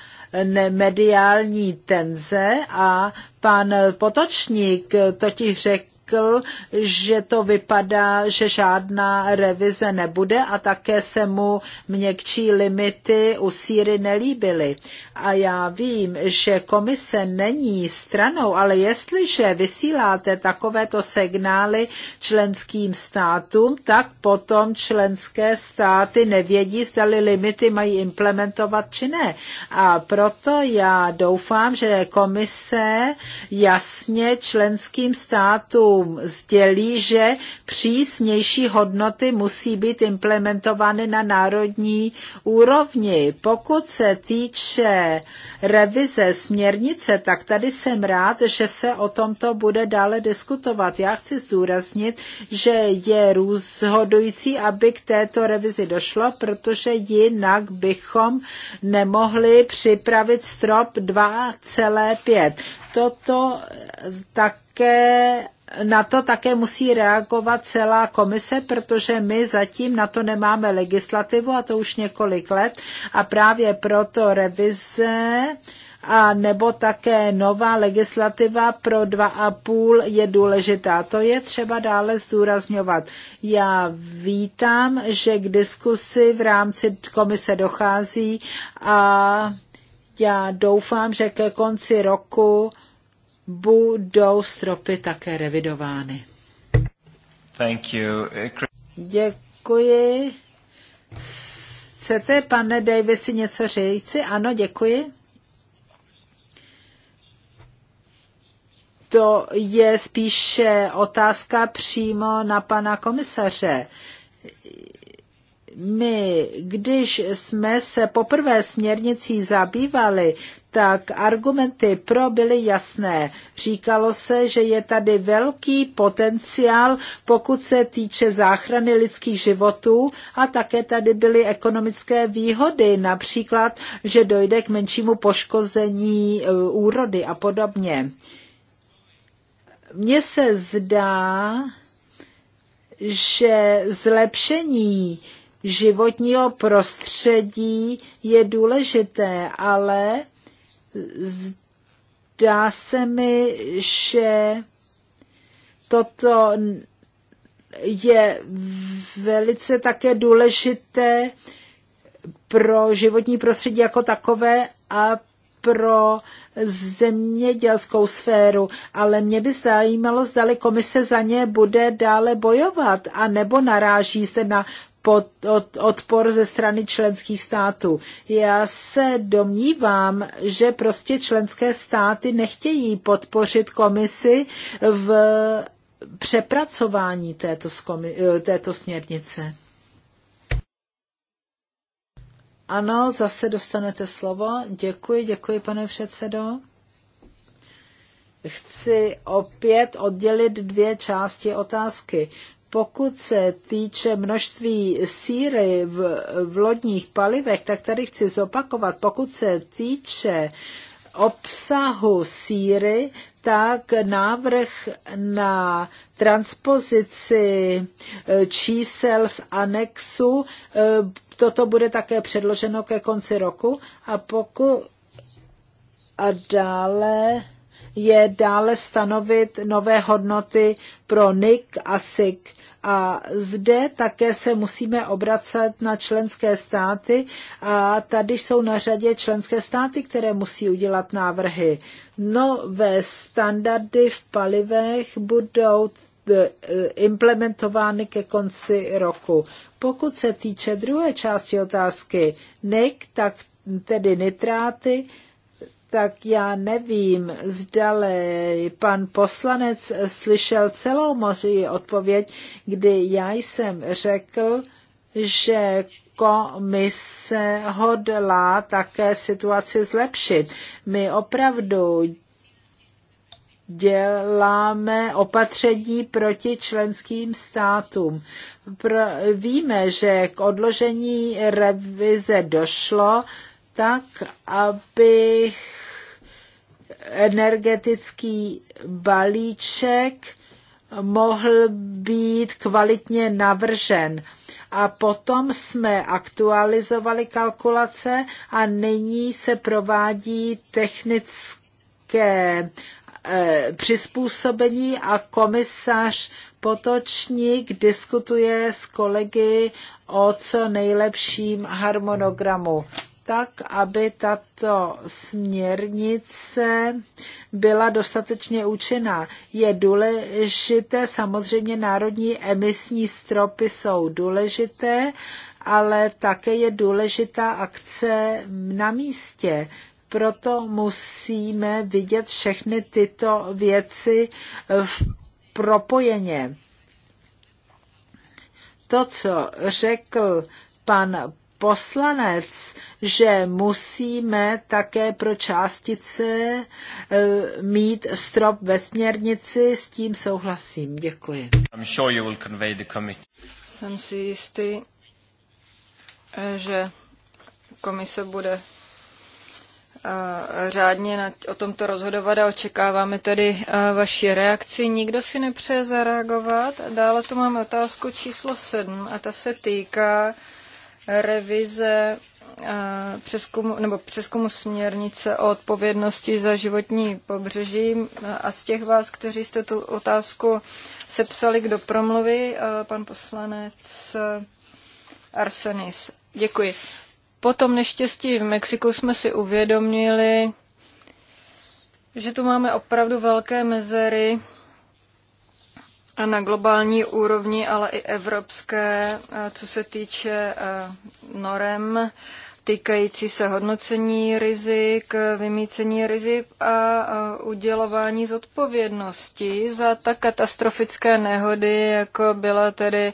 mediální tenze a pan Potočník totiž řekl, řekl, že to vypadá, že žádná revize nebude a také se mu měkčí limity u síry nelíbily. A já vím, že komise není stranou, ale jestliže vysíláte takovéto signály členským státům, tak potom členské státy nevědí, zdali limity mají implementovat či ne. A proto já doufám, že komise jasně členským státům státům sdělí, že přísnější hodnoty musí být implementovány na národní úrovni. Pokud se týče revize směrnice, tak tady jsem rád, že se o tomto bude dále diskutovat. Já chci zdůraznit, že je rozhodující, aby k této revizi došlo, protože jinak bychom nemohli připravit strop 2,5. Toto také na to také musí reagovat celá komise, protože my zatím na to nemáme legislativu a to už několik let a právě proto revize a nebo také nová legislativa pro dva a půl je důležitá. To je třeba dále zdůrazňovat. Já vítám, že k diskusi v rámci komise dochází a já doufám, že ke konci roku budou stropy také revidovány. Thank you. Děkuji. Chcete, pane si něco říci? Ano, děkuji. To je spíše otázka přímo na pana komisaře my, když jsme se poprvé směrnicí zabývali, tak argumenty pro byly jasné. Říkalo se, že je tady velký potenciál, pokud se týče záchrany lidských životů a také tady byly ekonomické výhody, například, že dojde k menšímu poškození eh, úrody a podobně. Mně se zdá, že zlepšení životního prostředí je důležité, ale Zdá se mi, že toto je velice také důležité pro životní prostředí jako takové a pro zemědělskou sféru, ale mě by zajímalo, zdali komise za ně bude dále bojovat, a nebo naráží se na pod, od, odpor ze strany členských států. Já se domnívám, že prostě členské státy nechtějí podpořit komisi v přepracování této, skomi, eh, této směrnice. Ano, zase dostanete slovo. Děkuji, děkuji, pane předsedo. Chci opět oddělit dvě části otázky. Pokud se týče množství síry v, v lodních palivech, tak tady chci zopakovat, pokud se týče obsahu síry, tak návrh na transpozici eh, čísel z anexu, eh, toto bude také předloženo ke konci roku a pokud a dále je dále stanovit nové hodnoty pro NIC a SIC. A zde také se musíme obracet na členské státy a tady jsou na řadě členské státy, které musí udělat návrhy. Nové standardy v palivech budou e, implementovány ke konci roku. Pokud se týče druhé části otázky NIC, tak tedy nitráty, tak já nevím, zdali pan poslanec slyšel celou moji odpověď, kdy já jsem řekl, že komise hodlá také situaci zlepšit. My opravdu děláme opatření proti členským státům. Pro, víme, že k odložení revize došlo tak, abych energetický balíček mohl být kvalitně navržen. A potom jsme aktualizovali kalkulace a nyní se provádí technické e, přizpůsobení a komisař Potočník diskutuje s kolegy o co nejlepším harmonogramu tak, aby tato směrnice byla dostatečně účinná. Je důležité, samozřejmě národní emisní stropy jsou důležité, ale také je důležitá akce na místě. Proto musíme vidět všechny tyto věci v propojeně. To, co řekl pan poslanec, že musíme také pro částice eh, mít strop ve směrnici, s tím souhlasím. Děkuji. Jsem si jistý, eh, že komise bude eh, řádně na, o tomto rozhodovat a očekáváme tedy vaši reakci. Nikdo si nepřeje zareagovat. Dále tu máme otázku číslo 7 a ta se týká revize eh, přeskumu, nebo přeskumu směrnice o odpovědnosti za životní pobřeží. A z těch vás, kteří jste tu otázku sepsali, kdo promluví, eh, pan poslanec eh, Arsenis. Děkuji. Po tom neštěstí v Mexiku jsme si uvědomili, že tu máme opravdu velké mezery a na globální úrovni, ale i evropské, eh, co se týče eh, norem, týkající se hodnocení rizik, vymícení rizik a udělování zodpovědnosti za tak katastrofické nehody, jako byla tedy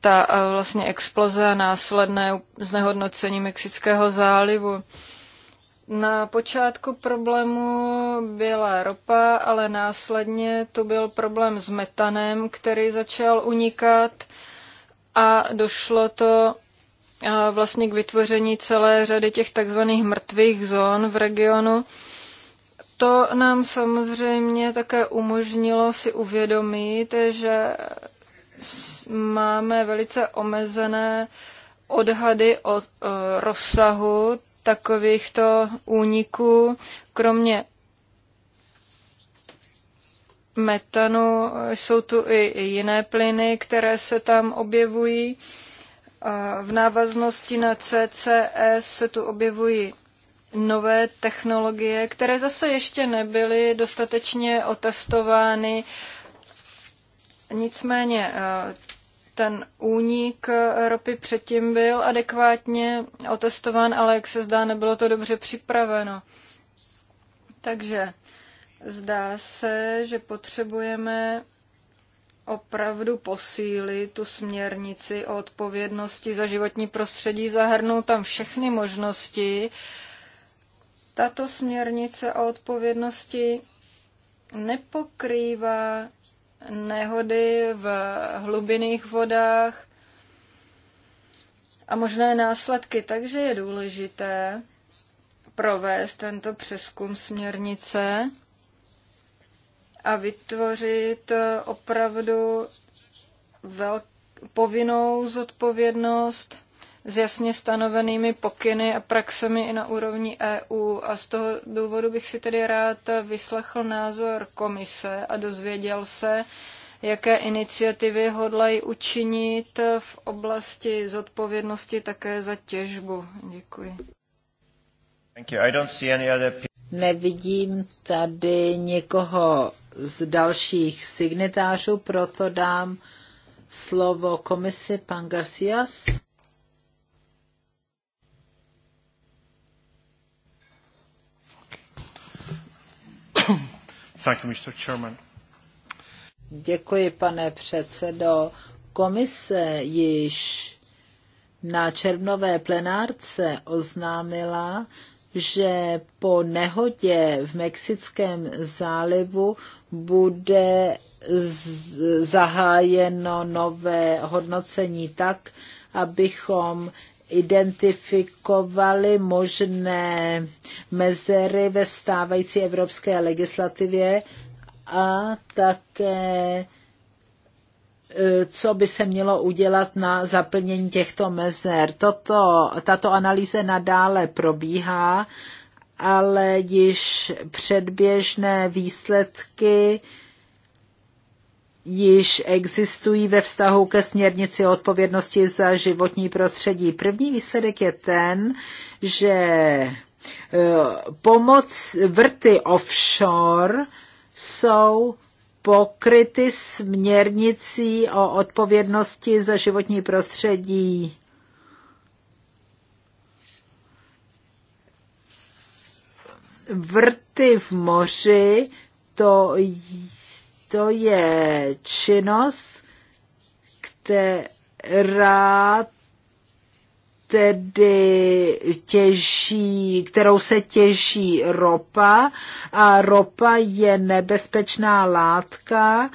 ta eh, vlastně exploze a následné znehodnocení Mexického zálivu. Na počátku problému byla ropa, ale následně to byl problém s metanem, který začal unikat a došlo to vlastně k vytvoření celé řady těch takzvaných mrtvých zón v regionu. To nám samozřejmě také umožnilo si uvědomit, že máme velice omezené odhady o e, rozsahu takovýchto úniků, kromě metanu, jsou tu i jiné plyny, které se tam objevují. V návaznosti na CCS se tu objevují nové technologie, které zase ještě nebyly dostatečně otestovány. Nicméně ten únik ropy předtím byl adekvátně otestován, ale jak se zdá, nebylo to dobře připraveno. Takže zdá se, že potřebujeme opravdu posílit tu směrnici o odpovědnosti za životní prostředí, zahrnout tam všechny možnosti. Tato směrnice o odpovědnosti nepokrývá nehody v hlubinných vodách a možné následky. Takže je důležité provést tento přeskum směrnice a vytvořit opravdu velkou povinnou zodpovědnost s jasně stanovenými pokyny a praxemi i na úrovni EU. A z toho důvodu bych si tedy rád vyslechl názor komise a dozvěděl se, jaké iniciativy hodlají učinit v oblasti zodpovědnosti také za těžbu. Děkuji. Nevidím tady někoho z dalších signatářů, proto dám slovo komisi pan Garcias. Thank you, Mr. Chairman. Děkuji, pane předsedo. Komise již na červnové plenárce oznámila, že po nehodě v Mexickém zálivu bude zahájeno nové hodnocení tak, abychom identifikovali možné mezery ve stávající evropské legislativě a také e, co by se mělo udělat na zaplnění těchto mezer. Toto, tato analýza nadále probíhá, ale již předběžné výsledky již existují ve vztahu ke směrnici o odpovědnosti za životní prostředí. První výsledek je ten, že eh, pomoc vrty offshore jsou pokryty směrnicí o odpovědnosti za životní prostředí. Vrty v moři to to je činnost, která tedy těží, kterou se těží ropa a ropa je nebezpečná látka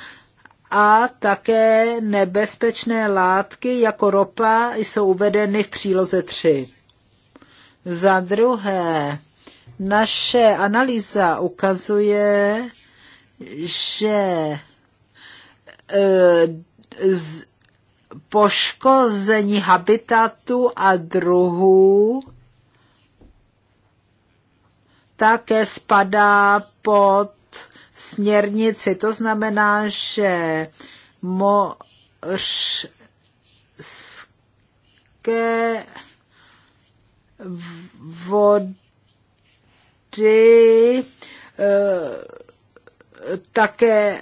a také nebezpečné látky jako ropa jsou uvedeny v příloze 3. Za druhé, naše analýza ukazuje, že e, poškození habitatu a druhů také spadá pod směrnici. To znamená, že mořské vody e, také e,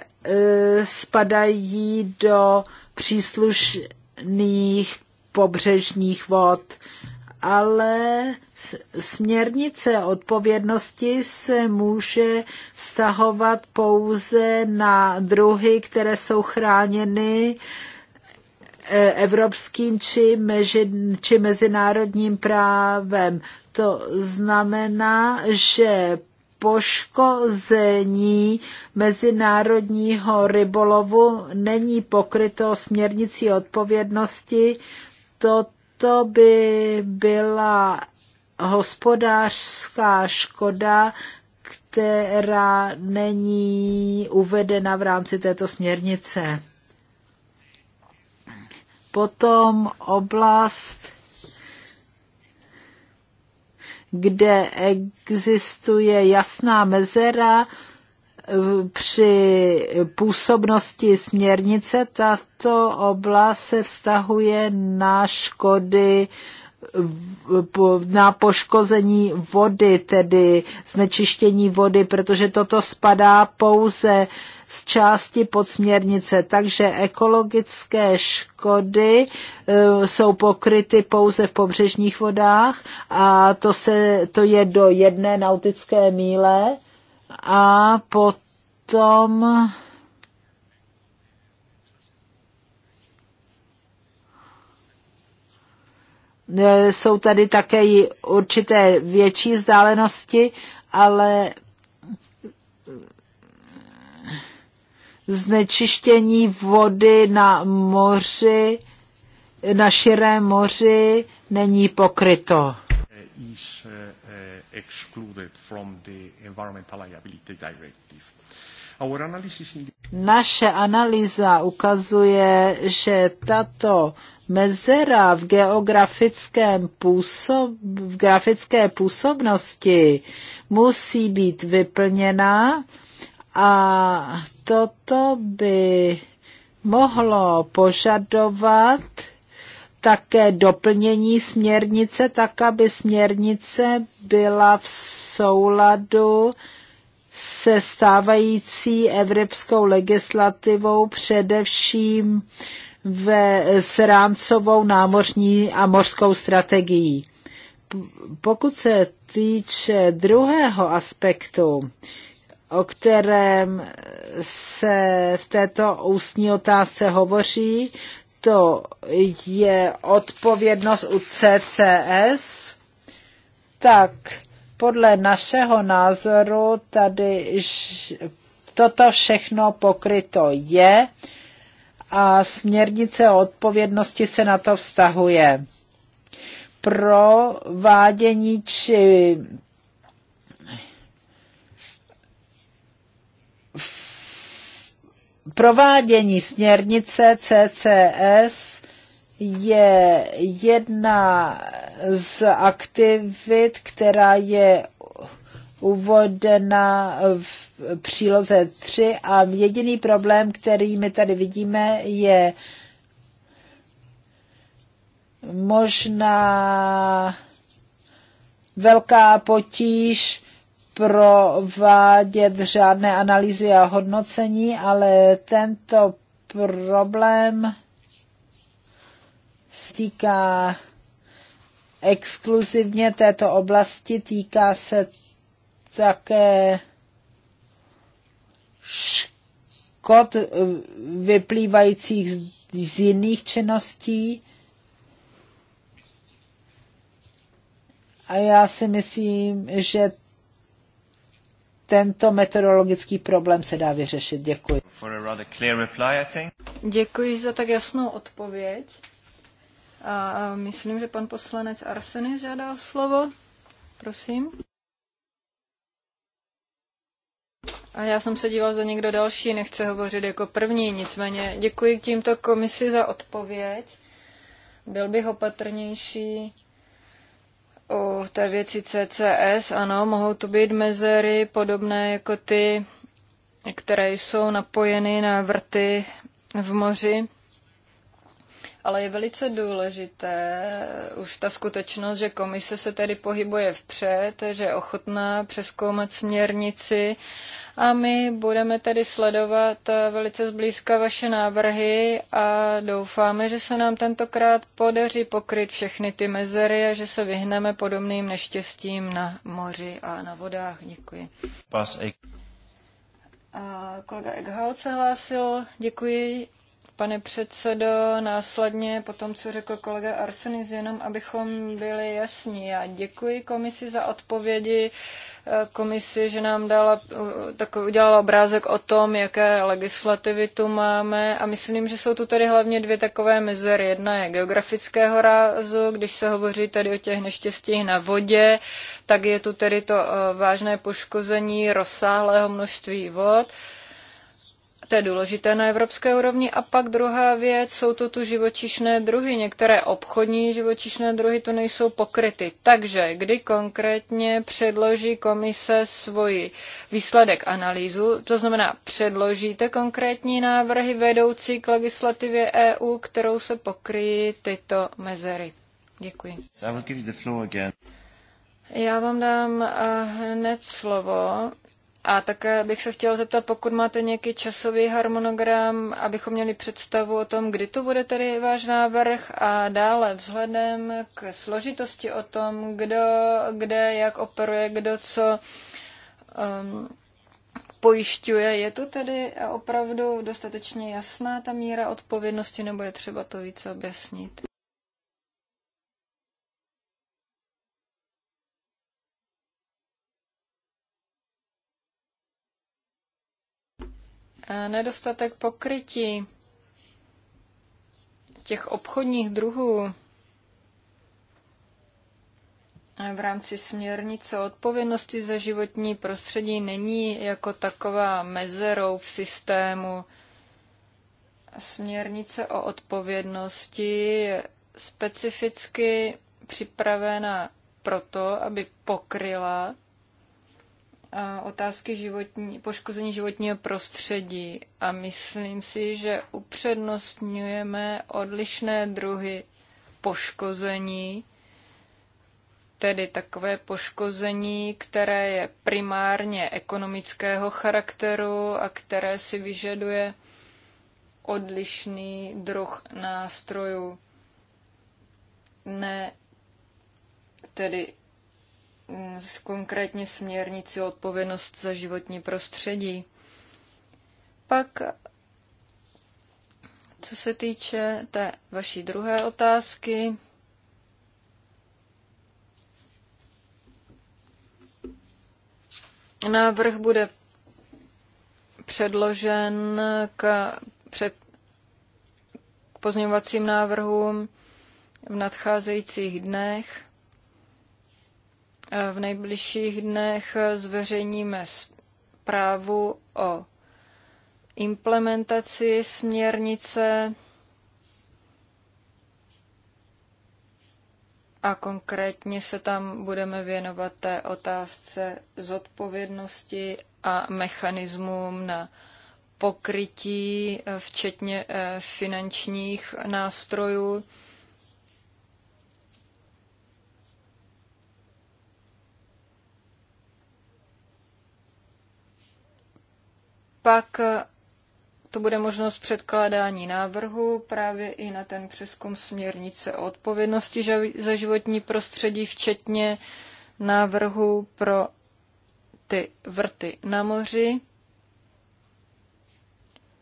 spadají do příslušných pobřežních vod, ale směrnice odpovědnosti se může vztahovat pouze na druhy, které jsou chráněny e, evropským či, meži, či mezinárodním právem. To znamená, že poškození mezinárodního rybolovu není pokryto směrnicí odpovědnosti. Toto by byla hospodářská škoda, která není uvedena v rámci této směrnice. Potom oblast kde existuje jasná mezera eh, při působnosti směrnice. Tato oblast se vztahuje na škody na poškození vody, tedy znečištění vody, protože toto spadá pouze z části pod směrnice, takže ekologické škody e, jsou pokryty pouze v pobřežních vodách a to, se, to je do jedné nautické míle a potom e, jsou tady také určité větší vzdálenosti, ale znečištění vody na moři, na širém moři není pokryto. Is eh, eh, from the Our in the... Naše analýza ukazuje, že tato mezera v geografickém působ, v grafické působnosti musí být vyplněna a toto by mohlo požadovat také doplnění směrnice, tak aby směrnice byla v souladu se stávající evropskou legislativou, především ve, s rámcovou námořní a mořskou strategií. Pokud se týče druhého aspektu, o kterém se v této ústní otázce hovoří, to je odpovědnost u CCS, tak podle našeho názoru tady toto všechno pokryto je a směrnice o odpovědnosti se na to vztahuje. Provádění či provádění směrnice CCS je jedna z aktivit, která je uvedena v příloze 3 a jediný problém, který my tady vidíme, je možná velká potíž provádět žádné analýzy a hodnocení, ale tento problém týká exkluzivně této oblasti, týká se také škod vyplývajících z jiných činností. A já si myslím, že tento meteorologický problém se dá vyřešit. Děkuji. Děkuji za tak jasnou odpověď. A myslím, že pan poslanec Arseny žádá slovo. Prosím. A já jsem se díval, za někdo další nechce hovořit jako první, nicméně děkuji tímto komisi za odpověď. Byl bych opatrnější o té věci CCS, ano, mohou to být mezery podobné jako ty, které jsou napojeny na vrty v moři ale je velice důležité už ta skutečnost, že komise se tedy pohybuje vpřed, že je ochotná přeskoumat směrnici a my budeme tedy sledovat eh, velice zblízka vaše návrhy a doufáme, že se nám tentokrát podaří pokryt všechny ty mezery a že se vyhneme podobným neštěstím na moři a na vodách. Děkuji. Pas kolega Eckhout se hlásil. Děkuji pane předsedo. Následně po tom, co řekl kolega Arsenis, jenom abychom byli jasní. Já děkuji komisi za odpovědi komisi, že nám dala, tak udělala obrázek o tom, jaké legislativy tu máme a myslím, že jsou tu tady hlavně dvě takové mezery. Jedna je geografického rázu, když se hovoří tady o těch neštěstích na vodě, tak je tu tedy to eh, vážné poškození rozsáhlého množství vod. To je důležité na evropské úrovni. A pak druhá věc, jsou to tu živočišné druhy. Některé obchodní živočišné druhy tu nejsou pokryty. Takže kdy konkrétně předloží komise svoji výsledek analýzu, to znamená předložíte konkrétní návrhy vedoucí k legislativě EU, kterou se pokryjí tyto mezery. Děkuji. Já vám dám eh, hned slovo. A také bych se chtěl zeptat, pokud máte nějaký časový harmonogram, abychom měli představu o tom, kdy to bude tedy váš návrh a dále vzhledem k složitosti o tom, kdo, kde, jak operuje, kdo co um, pojišťuje. Je tu tedy opravdu dostatečně jasná ta míra odpovědnosti, nebo je třeba to více objasnit? nedostatek pokrytí těch obchodních druhů v rámci směrnice odpovědnosti za životní prostředí není jako taková mezerou v systému. Směrnice o odpovědnosti je specificky připravena proto, aby pokryla otázky životní, poškození životního prostředí a myslím si, že upřednostňujeme odlišné druhy poškození, tedy takové poškození, které je primárně ekonomického charakteru a které si vyžaduje odlišný druh nástrojů. Ne tedy konkrétně směrnici o odpovědnost za životní prostředí. Pak, co se týče té vaší druhé otázky, návrh bude předložen k, před, k pozměňovacím návrhům v nadcházejících dnech. V nejbližších dnech zveřejníme zprávu o implementaci směrnice a konkrétně se tam budeme věnovat té otázce zodpovědnosti a mechanismům na pokrytí, včetně eh, finančních nástrojů. pak eh, to bude možnost předkládání návrhu právě i na ten přeskum směrnice o odpovědnosti za životní prostředí, včetně návrhu pro ty vrty na moři.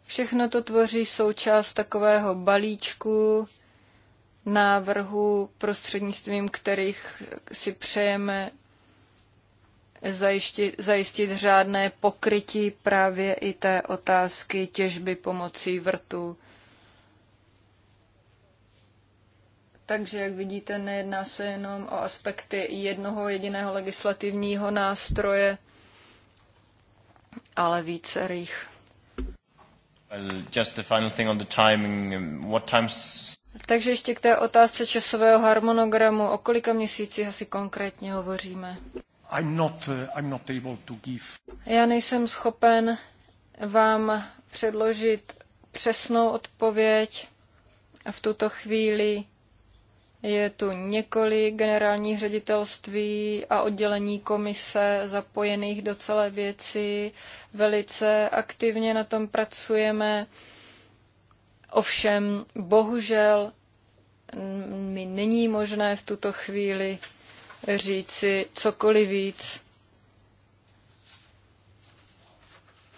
Všechno to tvoří součást takového balíčku návrhu, prostřednictvím kterých si přejeme zajistit, zajistit řádné pokrytí právě i té otázky těžby pomocí vrtů. Takže, jak vidíte, nejedná se jenom o aspekty jednoho jediného legislativního nástroje, ale více rých. Um, Takže ještě k té otázce časového harmonogramu. O kolika měsících asi konkrétně hovoříme? I'm not, uh, I'm not able to give. Já nejsem schopen vám předložit přesnou odpověď. V tuto chvíli je tu několik generálních ředitelství a oddělení komise zapojených do celé věci. Velice aktivně na tom pracujeme. Ovšem, bohužel, mi není možné v tuto chvíli říci cokoliv víc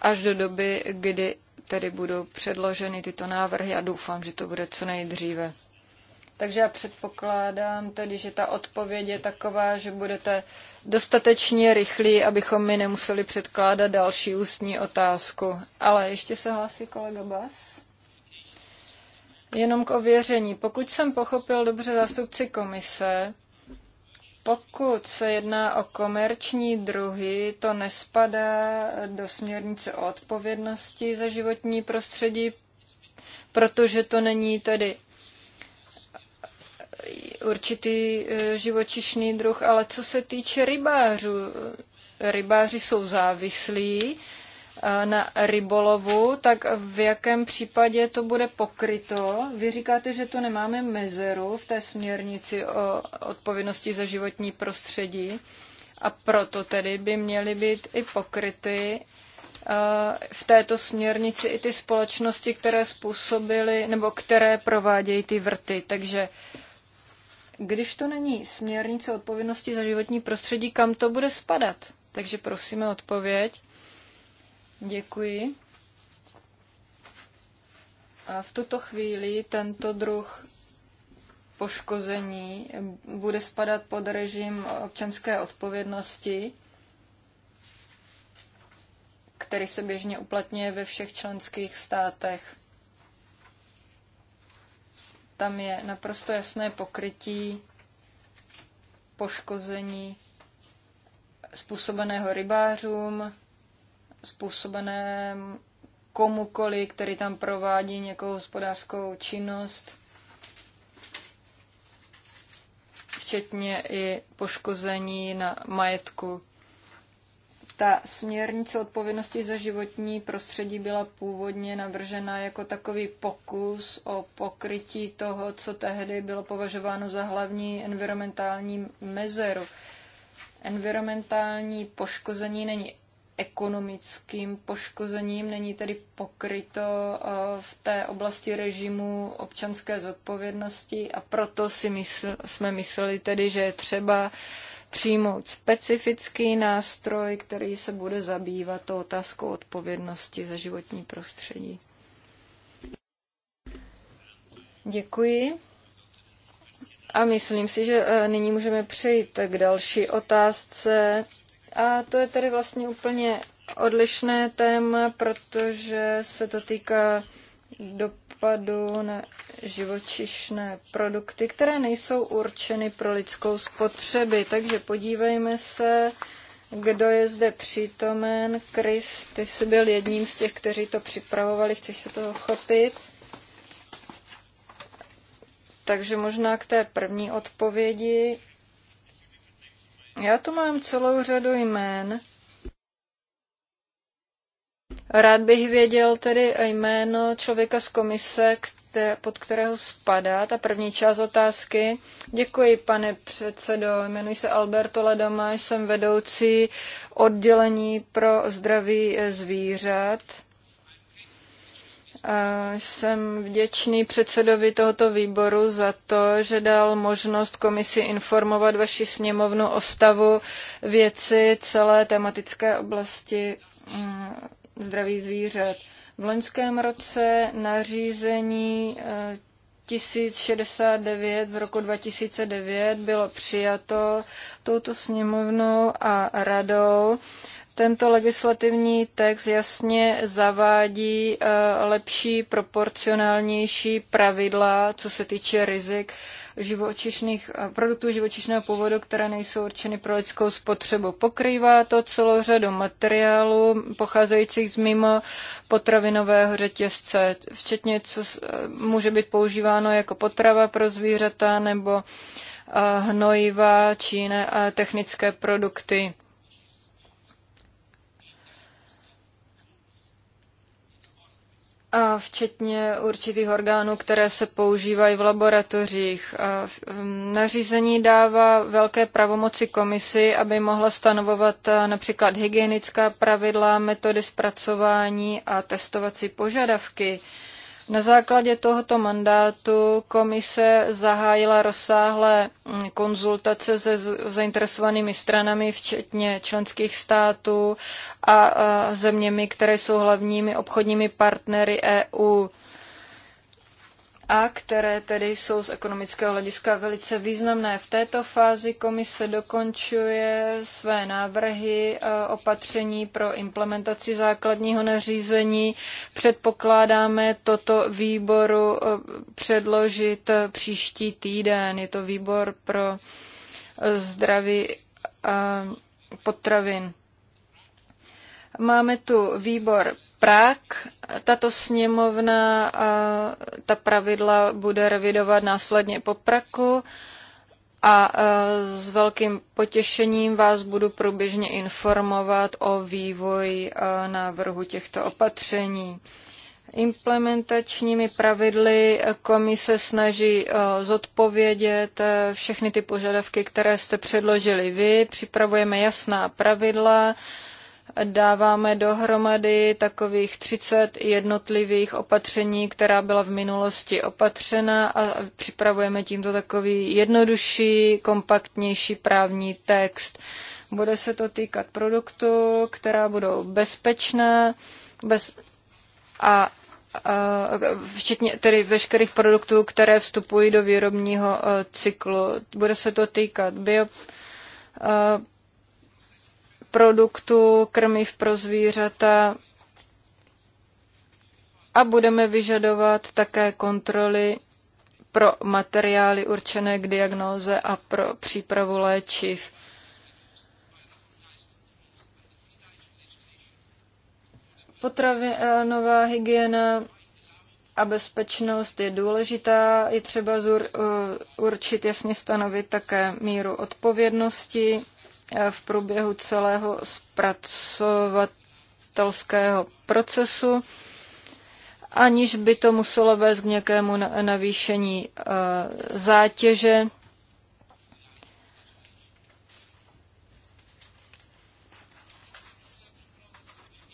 až do doby, kdy tedy budou předloženy tyto návrhy a doufám, že to bude co nejdříve. Takže já předpokládám tedy, že ta odpověď je taková, že budete dostatečně rychlí, abychom mi nemuseli předkládat další ústní otázku. Ale ještě se hlásí kolega Bas. Jenom k ověření. Pokud jsem pochopil dobře zástupci komise, pokud se jedná o komerční druhy, to nespadá do směrnice o odpovědnosti za životní prostředí, protože to není tedy určitý eh, živočišný druh, ale co se týče rybářů, rybáři jsou závislí Eh, na rybolovu, tak v jakém případě to bude pokryto? Vy říkáte, že tu nemáme mezeru v té směrnici o odpovědnosti za životní prostředí a proto tedy by měly být i pokryty eh, v této směrnici i ty společnosti, které způsobily nebo které provádějí ty vrty. Takže když to není směrnice odpovědnosti za životní prostředí, kam to bude spadat? Takže prosíme odpověď. Děkuji. A v tuto chvíli tento druh poškození bude spadat pod režim občanské odpovědnosti, který se běžně uplatňuje ve všech členských státech. Tam je naprosto jasné pokrytí poškození způsobeného rybářům, způsobené komukoli, který tam provádí nějakou hospodářskou činnost, včetně i poškození na majetku. Ta směrnice odpovědnosti za životní prostředí byla původně navržena jako takový pokus o pokrytí toho, co tehdy bylo považováno za hlavní environmentální mezeru. Environmentální poškození není ekonomickým poškozením, není tedy pokryto eh, v té oblasti režimu občanské zodpovědnosti a proto si mysl, jsme mysleli tedy, že je třeba přijmout specifický nástroj, který se bude zabývat to otázkou odpovědnosti za životní prostředí. Děkuji. A myslím si, že eh, nyní můžeme přejít k další otázce a to je tedy vlastně úplně odlišné téma, protože se to týká dopadu na živočišné produkty, které nejsou určeny pro lidskou spotřeby. Takže podívejme se, kdo je zde přítomen. Chris, ty jsi byl jedním z těch, kteří to připravovali, chceš se toho chopit? Takže možná k té první odpovědi já tu mám celou řadu jmén. Rád bych věděl tedy jméno člověka z komise, pod kterého spadá ta první část otázky. Děkuji, pane předsedo. Jmenuji se Alberto Ledoma, jsem vedoucí oddělení pro zdraví zvířat jsem vděčný předsedovi tohoto výboru za to, že dal možnost komisi informovat vaši sněmovnu o stavu věci celé tematické oblasti mm, zdraví zvířat. V loňském roce nařízení 1069 e, z roku 2009 bylo přijato touto sněmovnou a radou tento legislativní text jasně zavádí eh, lepší, proporcionálnější pravidla, co se týče rizik živočišných, eh, produktů živočišného původu, které nejsou určeny pro lidskou spotřebu. Pokrývá to celou řadu materiálů pocházejících z mimo potravinového řetězce, včetně co eh, může být používáno jako potrava pro zvířata nebo hnojiva či jiné technické produkty. včetně určitých orgánů, které se používají v laboratořích. Um, nařízení dává velké pravomoci komisi, aby mohla stanovovat například hygienická pravidla, metody zpracování a testovací požadavky. Na základě tohoto mandátu komise zahájila rozsáhlé mm, konzultace se zainteresovanými stranami, včetně členských států a zeměmi, které jsou hlavními obchodními partnery EU a které tedy jsou z ekonomického hlediska velice významné. V této fázi komise dokončuje své návrhy e, opatření pro implementaci základního nařízení. Předpokládáme toto výboru e, předložit e, příští týden. Je to výbor pro zdraví potravin. Máme tu výbor Prák tato sněmovna a ta pravidla bude revidovat následně po Praku a s velkým potěšením vás budu průběžně informovat o vývoji návrhu těchto opatření. Implementačními pravidly komise snaží zodpovědět všechny ty požadavky, které jste předložili vy. Připravujeme jasná pravidla, dáváme dohromady takových 30 jednotlivých opatření, která byla v minulosti opatřena a připravujeme tímto takový jednodušší, kompaktnější právní text. Bude se to týkat produktů, která budou bezpečná bez, a včetně tedy veškerých produktů, které vstupují do výrobního e, cyklu. Bude se to týkat bio e, produktů, krmiv pro zvířata a budeme vyžadovat také kontroly pro materiály určené k diagnóze a pro přípravu léčiv. Potravinová hygiena a bezpečnost je důležitá. Je třeba eh, určit jasně stanovit také míru odpovědnosti v průběhu celého zpracovatelského procesu, aniž by to muselo vést k nějakému navýšení e, zátěže.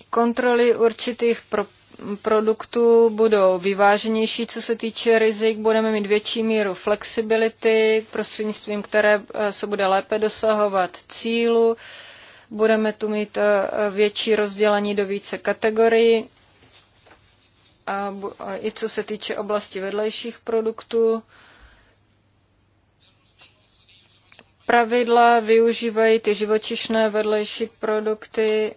Kontroly určitých pro produktů budou vyváženější, co se týče rizik, budeme mít větší míru flexibility, prostřednictvím které eh, se bude lépe dosahovat cílu, budeme tu mít eh, větší rozdělení do více kategorií, a i co se týče oblasti vedlejších produktů. Pravidla využívají ty živočišné vedlejší produkty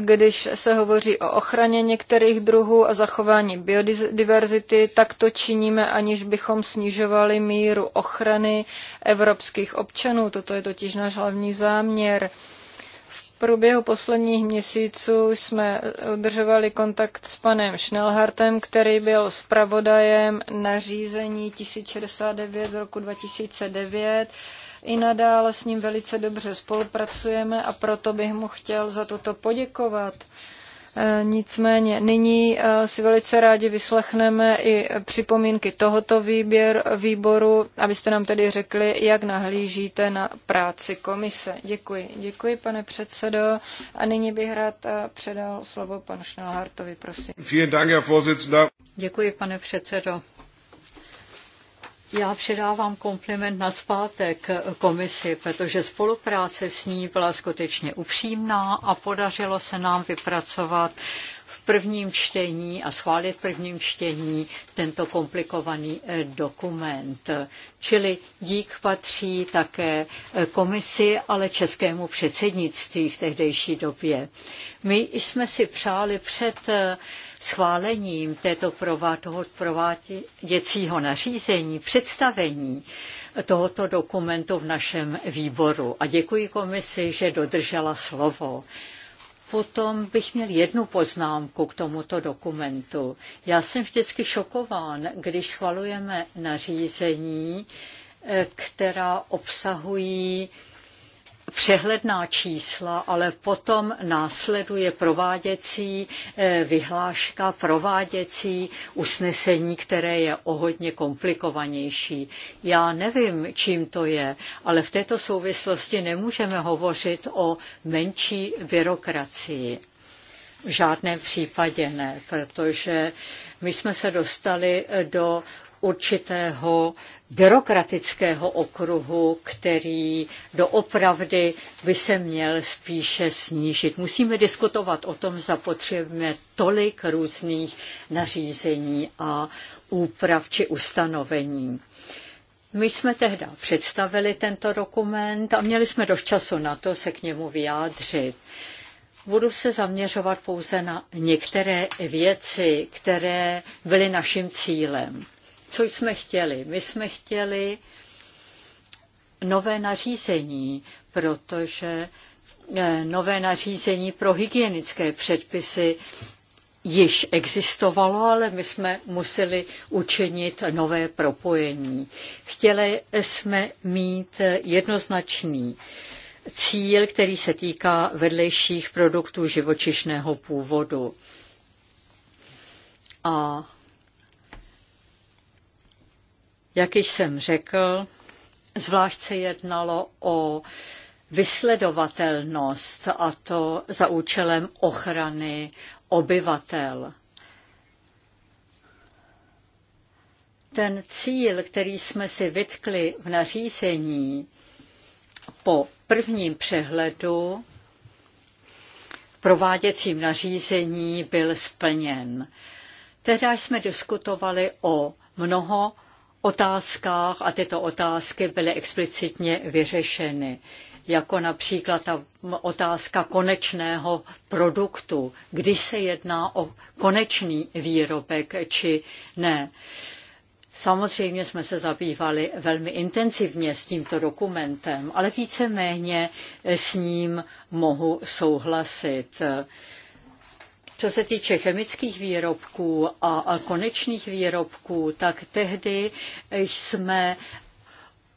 když se hovoří o ochraně některých druhů a zachování biodiverzity, tak to činíme, aniž bychom snižovali míru ochrany evropských občanů. Toto je totiž náš hlavní záměr. V průběhu posledních měsíců jsme udržovali kontakt s panem Schnellhartem, který byl zpravodajem nařízení 1069 z roku 2009 i nadále s ním velice dobře spolupracujeme a proto bych mu chtěl za toto poděkovat. E, nicméně nyní e, si velice rádi vyslechneme i připomínky tohoto výběr, výboru, abyste nám tedy řekli, jak nahlížíte na práci komise. Děkuji. Děkuji, pane předsedo. A nyní bych rád e, předal slovo panu Šnelhartovi, prosím. Děkuji, pane předsedo. Já předávám kompliment na zpátek komisi, protože spolupráce s ní byla skutečně upřímná a podařilo se nám vypracovat v prvním čtení a schválit v prvním čtení tento komplikovaný eh, dokument. Čili dík patří také eh, komisi, ale českému předsednictví v tehdejší době. My jsme si přáli před eh, schválením této prováděcího nařízení, představení tohoto dokumentu v našem výboru. A děkuji komisi, že dodržela slovo. Potom bych měl jednu poznámku k tomuto dokumentu. Já jsem vždycky šokován, když schvalujeme nařízení, eh, která obsahují přehledná čísla, ale potom následuje prováděcí eh, vyhláška, prováděcí usnesení, které je o hodně komplikovanější. Já nevím, čím to je, ale v této souvislosti nemůžeme hovořit o menší byrokracii. V žádném případě ne, protože my jsme se dostali do určitého byrokratického okruhu, který doopravdy by se měl spíše snížit. Musíme diskutovat o tom, zda potřebujeme tolik různých nařízení a úprav či ustanovení. My jsme tehdy představili tento dokument a měli jsme dost času na to se k němu vyjádřit. Budu se zaměřovat pouze na některé věci, které byly naším cílem co jsme chtěli? My jsme chtěli nové nařízení, protože eh, nové nařízení pro hygienické předpisy již existovalo, ale my jsme museli učinit nové propojení. Chtěli jsme mít jednoznačný cíl, který se týká vedlejších produktů živočišného původu. A jak již jsem řekl, zvlášť se jednalo o vysledovatelnost a to za účelem ochrany obyvatel. Ten cíl, který jsme si vytkli v nařízení po prvním přehledu v prováděcím nařízení byl splněn. Tehdy jsme diskutovali o mnoho otázkách a tyto otázky byly explicitně vyřešeny jako například ta otázka konečného produktu, kdy se jedná o konečný výrobek či ne. Samozřejmě jsme se zabývali velmi intenzivně s tímto dokumentem, ale víceméně s ním mohu souhlasit. Co se týče chemických výrobků a konečných výrobků, tak tehdy jsme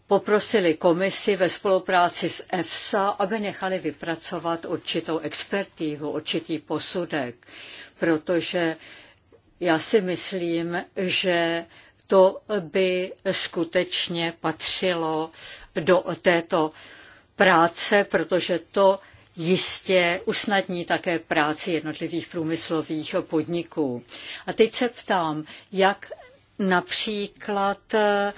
poprosili komisi ve spolupráci s EFSA, aby nechali vypracovat určitou expertívu, určitý posudek, protože já si myslím, že to by skutečně patřilo do této práce, protože to jistě usnadní také práci jednotlivých průmyslových podniků. A teď se ptám, jak například eh,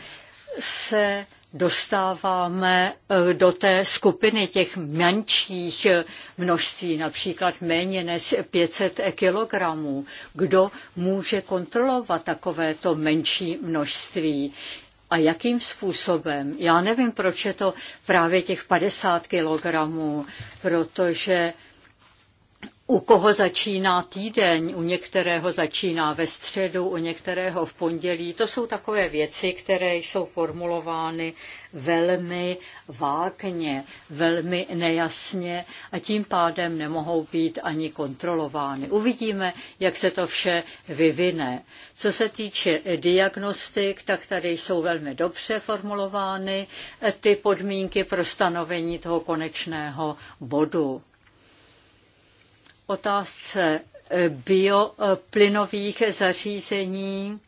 se dostáváme eh, do té skupiny těch menších eh, množství, například méně než 500 kg. Kdo může kontrolovat takovéto menší množství? a jakým způsobem. Já nevím, proč je to právě těch 50 kilogramů, protože u koho začíná týden, u některého začíná ve středu, u některého v pondělí. To jsou takové věci, které jsou formulovány velmi vákně, velmi nejasně a tím pádem nemohou být ani kontrolovány. Uvidíme, jak se to vše vyvine. Co se týče diagnostik, tak tady jsou velmi dobře formulovány ty podmínky pro stanovení toho konečného bodu otázce eh, bioplynových zařízení.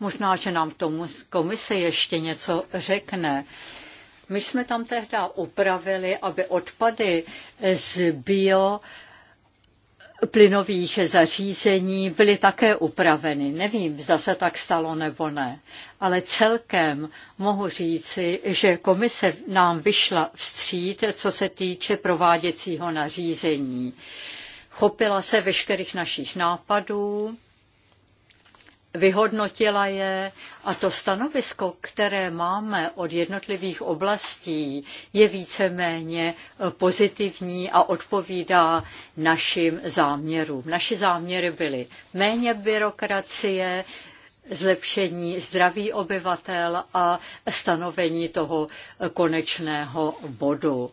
Možná, že nám tomu komise ještě něco řekne. My jsme tam tehdy upravili, aby odpady z bio plynových zařízení byly také upraveny. Nevím, zda se tak stalo nebo ne, ale celkem mohu říci, že komise nám vyšla vstřít, co se týče prováděcího nařízení. Chopila se veškerých našich nápadů, vyhodnotila je a to stanovisko, které máme od jednotlivých oblastí, je víceméně eh, pozitivní a odpovídá našim záměrům. Naši záměry byly méně byrokracie, zlepšení zdraví obyvatel a stanovení toho eh, konečného bodu.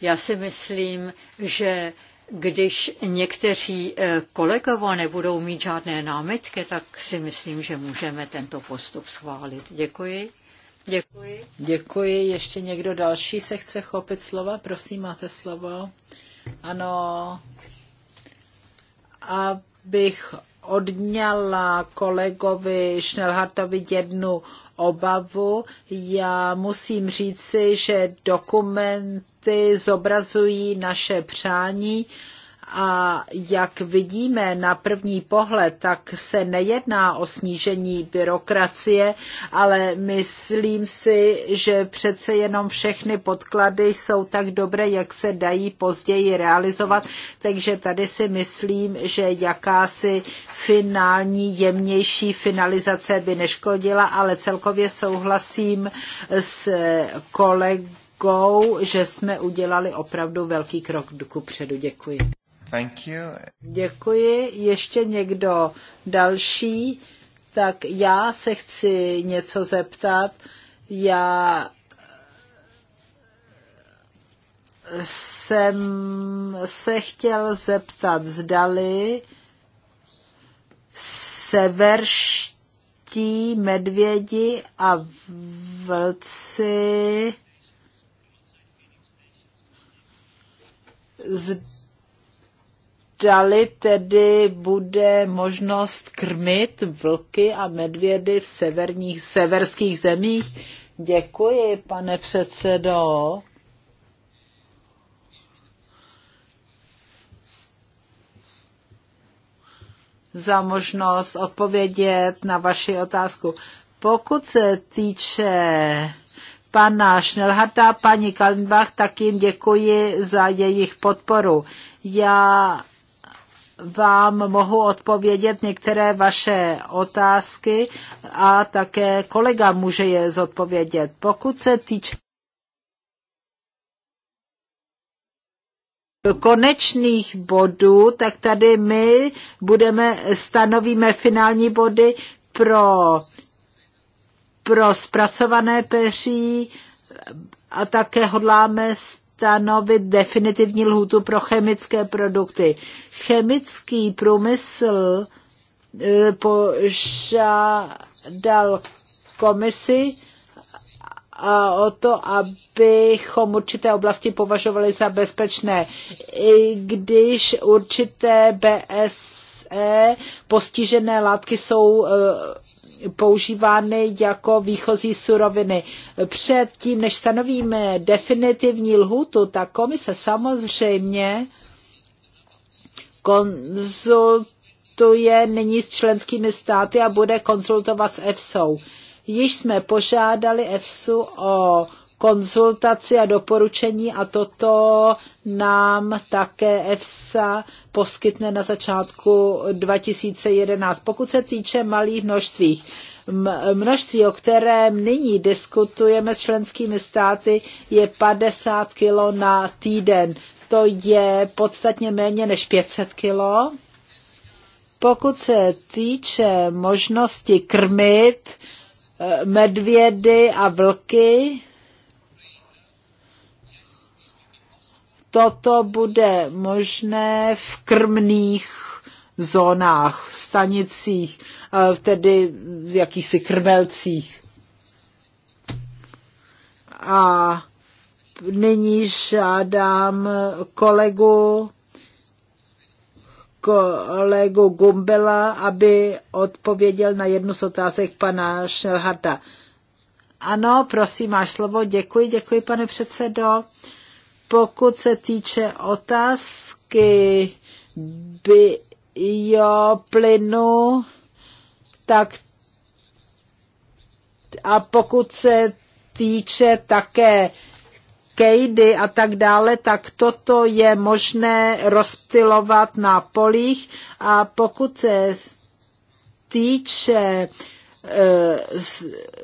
Já si myslím, že když někteří eh, kolegové nebudou mít žádné námitky, tak si myslím, že můžeme tento postup schválit. Děkuji. Děkuji. Děkuji. Ještě někdo další se chce chopit slova? Prosím, máte slovo. Ano. Abych odňala kolegovi Šnelhartovi jednu obavu. Já musím říci, že dokumenty zobrazují naše přání a jak vidíme na první pohled, tak se nejedná o snížení byrokracie, ale myslím si, že přece jenom všechny podklady jsou tak dobré, jak se dají později realizovat. Takže tady si myslím, že jakási finální, jemnější finalizace by neškodila, ale celkově souhlasím s kolegou že jsme udělali opravdu velký krok ku předu. Děkuji. Thank you. Děkuji. Ještě někdo další? Tak já se chci něco zeptat. Já jsem se chtěl zeptat, zdali severští medvědi a vlci zda zdali tedy bude možnost krmit vlky a medvědy v severních, severských zemích. Děkuji, pane předsedo. za možnost odpovědět na vaši otázku. Pokud se týče pana Šnelharta, paní Kalinbach, tak jim děkuji za jejich podporu. Já vám mohu odpovědět některé vaše otázky a také kolega může je zodpovědět. Pokud se týče konečných bodů, tak tady my budeme, stanovíme finální body pro, pro zpracované peří a také hodláme stanovit definitivní lhůtu pro chemické produkty. Chemický průmysl e, požádal komisi o to, abychom určité oblasti považovali za bezpečné, i když určité BSE postižené látky jsou e, používány jako výchozí suroviny. předtím, než stanovíme definitivní lhutu, tak komise samozřejmě konzultuje nyní s členskými státy a bude konzultovat s EFSou. Již jsme požádali EFSu o konzultaci a doporučení a toto nám také EFSA poskytne na začátku 2011. Pokud se týče malých množství, množství, o kterém nyní diskutujeme s členskými státy, je 50 kg na týden. To je podstatně méně než 500 kg. Pokud se týče možnosti krmit e, medvědy a vlky, toto bude možné v krmných zónách, stanicích, eh, tedy v jakýchsi krmelcích. A nyní žádám kolegu kolegu Gumbela, aby odpověděl na jednu z otázek pana Šelharda. Ano, prosím, máš slovo. Děkuji, děkuji, pane předsedo. Uh, pokud se týče otázky bioplynu, tak a pokud se týče také kejdy a tak dále, tak toto je možné rozptilovat na polích a pokud se týče eh,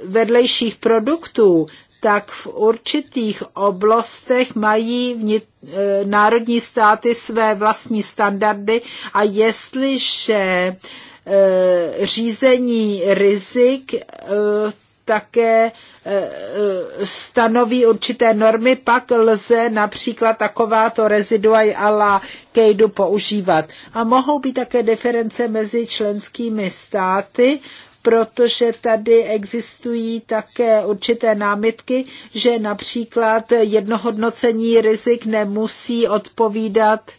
vedlejších produktů, tak v určitých oblastech mají vnit, e, národní státy své vlastní standardy a jestliže e, řízení rizik e, také stanoví určité normy, pak lze například takováto rezidua a la kejdu používat. A mohou být také diference mezi členskými státy protože tady existují také určité námitky, že například jednohodnocení rizik nemusí odpovídat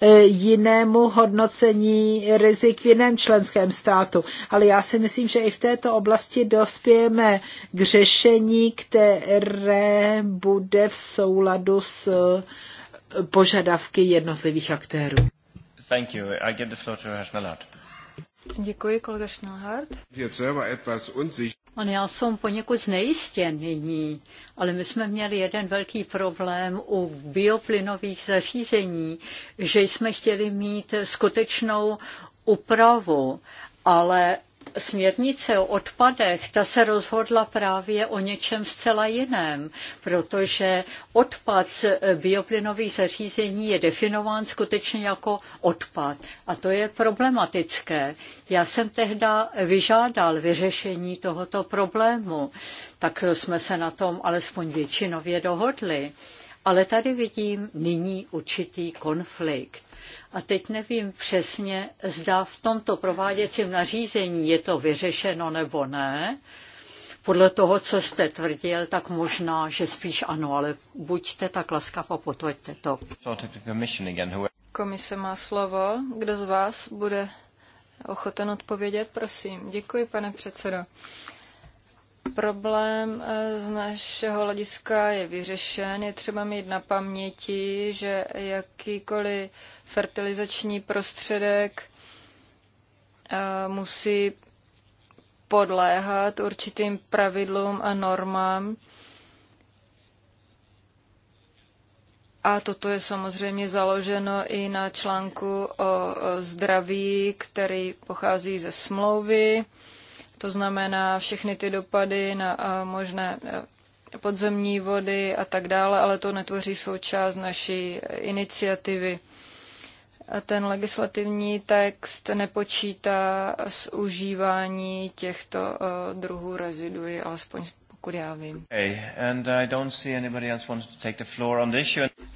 eh, jinému hodnocení rizik v jiném členském státu. Ale já si myslím, že i v této oblasti dospějeme k řešení, které bude v souladu s eh, požadavky jednotlivých aktérů. Thank you. I give the floor to Děkuji, kolega Schnellhardt. On já jsem poněkud znejistěn nyní, ale my jsme měli jeden velký problém u bioplynových zařízení, že jsme chtěli mít skutečnou úpravu, ale směrnice o odpadech, ta se rozhodla právě o něčem zcela jiném, protože odpad z bioplynových zařízení je definován skutečně jako odpad. A to je problematické. Já jsem tehdy vyžádal vyřešení tohoto problému, tak jsme se na tom alespoň většinově dohodli. Ale tady vidím nyní určitý konflikt. A teď nevím přesně, zda v tomto prováděcím nařízení je to vyřešeno nebo ne. Podle toho, co jste tvrdil, tak možná, že spíš ano, ale buďte tak laskav a potvrďte to. Komise má slovo. Kdo z vás bude ochoten odpovědět? Prosím. Děkuji, pane předsedo. Problém eh, z našeho hlediska je vyřešen. Je třeba mít na paměti, že jakýkoliv fertilizační prostředek eh, musí podléhat určitým pravidlům a normám. A toto je samozřejmě založeno i na článku o zdraví, který pochází ze smlouvy. To znamená všechny ty dopady na eh, možné eh, podzemní vody a tak dále, ale to netvoří součást naší iniciativy. A ten legislativní text nepočítá s užívání těchto eh, druhů rezidují, alespoň pokud já vím.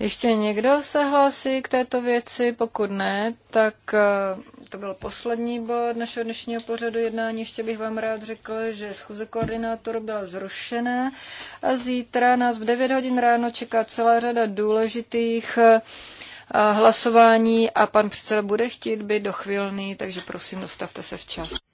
Ještě někdo se hlásí k této věci? Pokud ne, tak eh, to byl poslední bod našeho dnešního pořadu jednání. Ještě bych vám rád řekl, že schůze koordinátoru byla zrušená a zítra nás v 9 hodin ráno čeká celá řada důležitých eh, hlasování a pan předseda bude chtít být dochvilný, takže prosím, dostavte se včas.